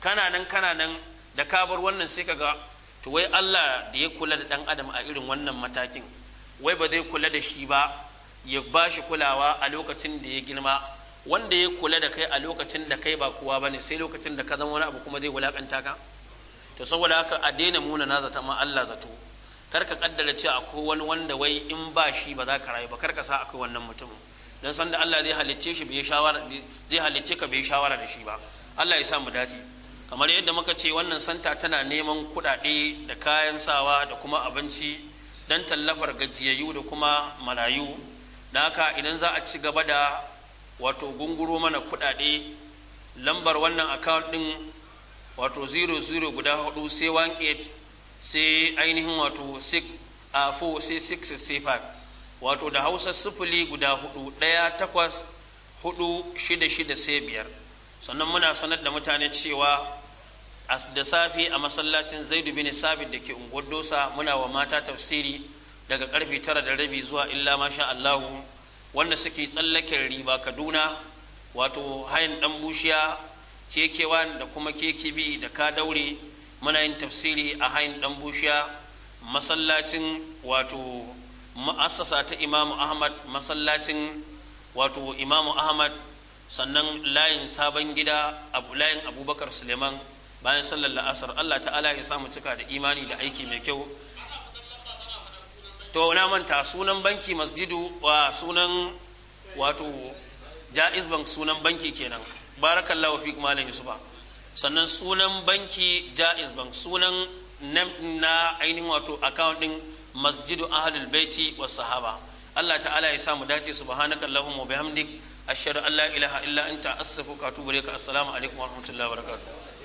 kana nan kana nan da ka bar wannan sai kaga to wai Allah da ya kula da dan adam a irin wannan matakin wai ba zai kula da shi ba ya bashi kulawa a lokacin da ya girma wanda ya kula da kai a lokacin da kai ba kowa bane sai lokacin da ka zama wani abu kuma zai wulakanta ka to saboda haka a daina muna na zata ma Allah zato kar ka kaddara cewa akwai wani wanda wai in ba shi ba za ka rayu ba kar ka sa akwai wannan mutum. dan san da Allah zai halicce shi bai shawara zai halicce ka bai shawara da shi ba Allah ya sa mu dace kamar yadda muka ce wannan santa tana neman kuɗaɗe da kayan sawa da kuma abinci dan tallafar gajiyayyu da kuma marayu da haka idan za a ci gaba da wato gunguro mana kudade lambar wannan account din wato 00 guda 4 sai 18 sai ainihin wato 6 a 4 sai 6 sai 5 wato da hausa sifili guda 4 daya takwas 4 shida shida sai biyar sannan muna sanar da mutane cewa da safe a masallacin zaidu bin sabit da ke unguwar dosa muna wa mata tafsiri daga karfe tara da rabi zuwa illa masha allahu wanda suke tsallaken riba kaduna wato hayan dan bushiya kekewa da kuma keke kekibi da ka daure muna yin tafsiri a hayan dan bushiya masallacin wato ma'assasa ta imamu ahmad masallacin wato imamu ahmad sannan layin sabon gida layin abubakar suleiman bayan sallar la'asar allah ta'ala ya samu cika da imani da aiki mai kyau to na manta sunan banki masjidu wa sunan wato jaiz bank sunan banki kenan barakallahu fik malam yusufa sannan sunan banki jaiz bank sunan na ainihin wato account masjidu ahlul baiti wa sahaba Allah ta'ala ya samu dace su wa bihamdik ashhadu ashadu la ilaha illa anta astaghfiruka wa atubu ilaik assalamu alaikum wa rahmatullahi wa barakatuh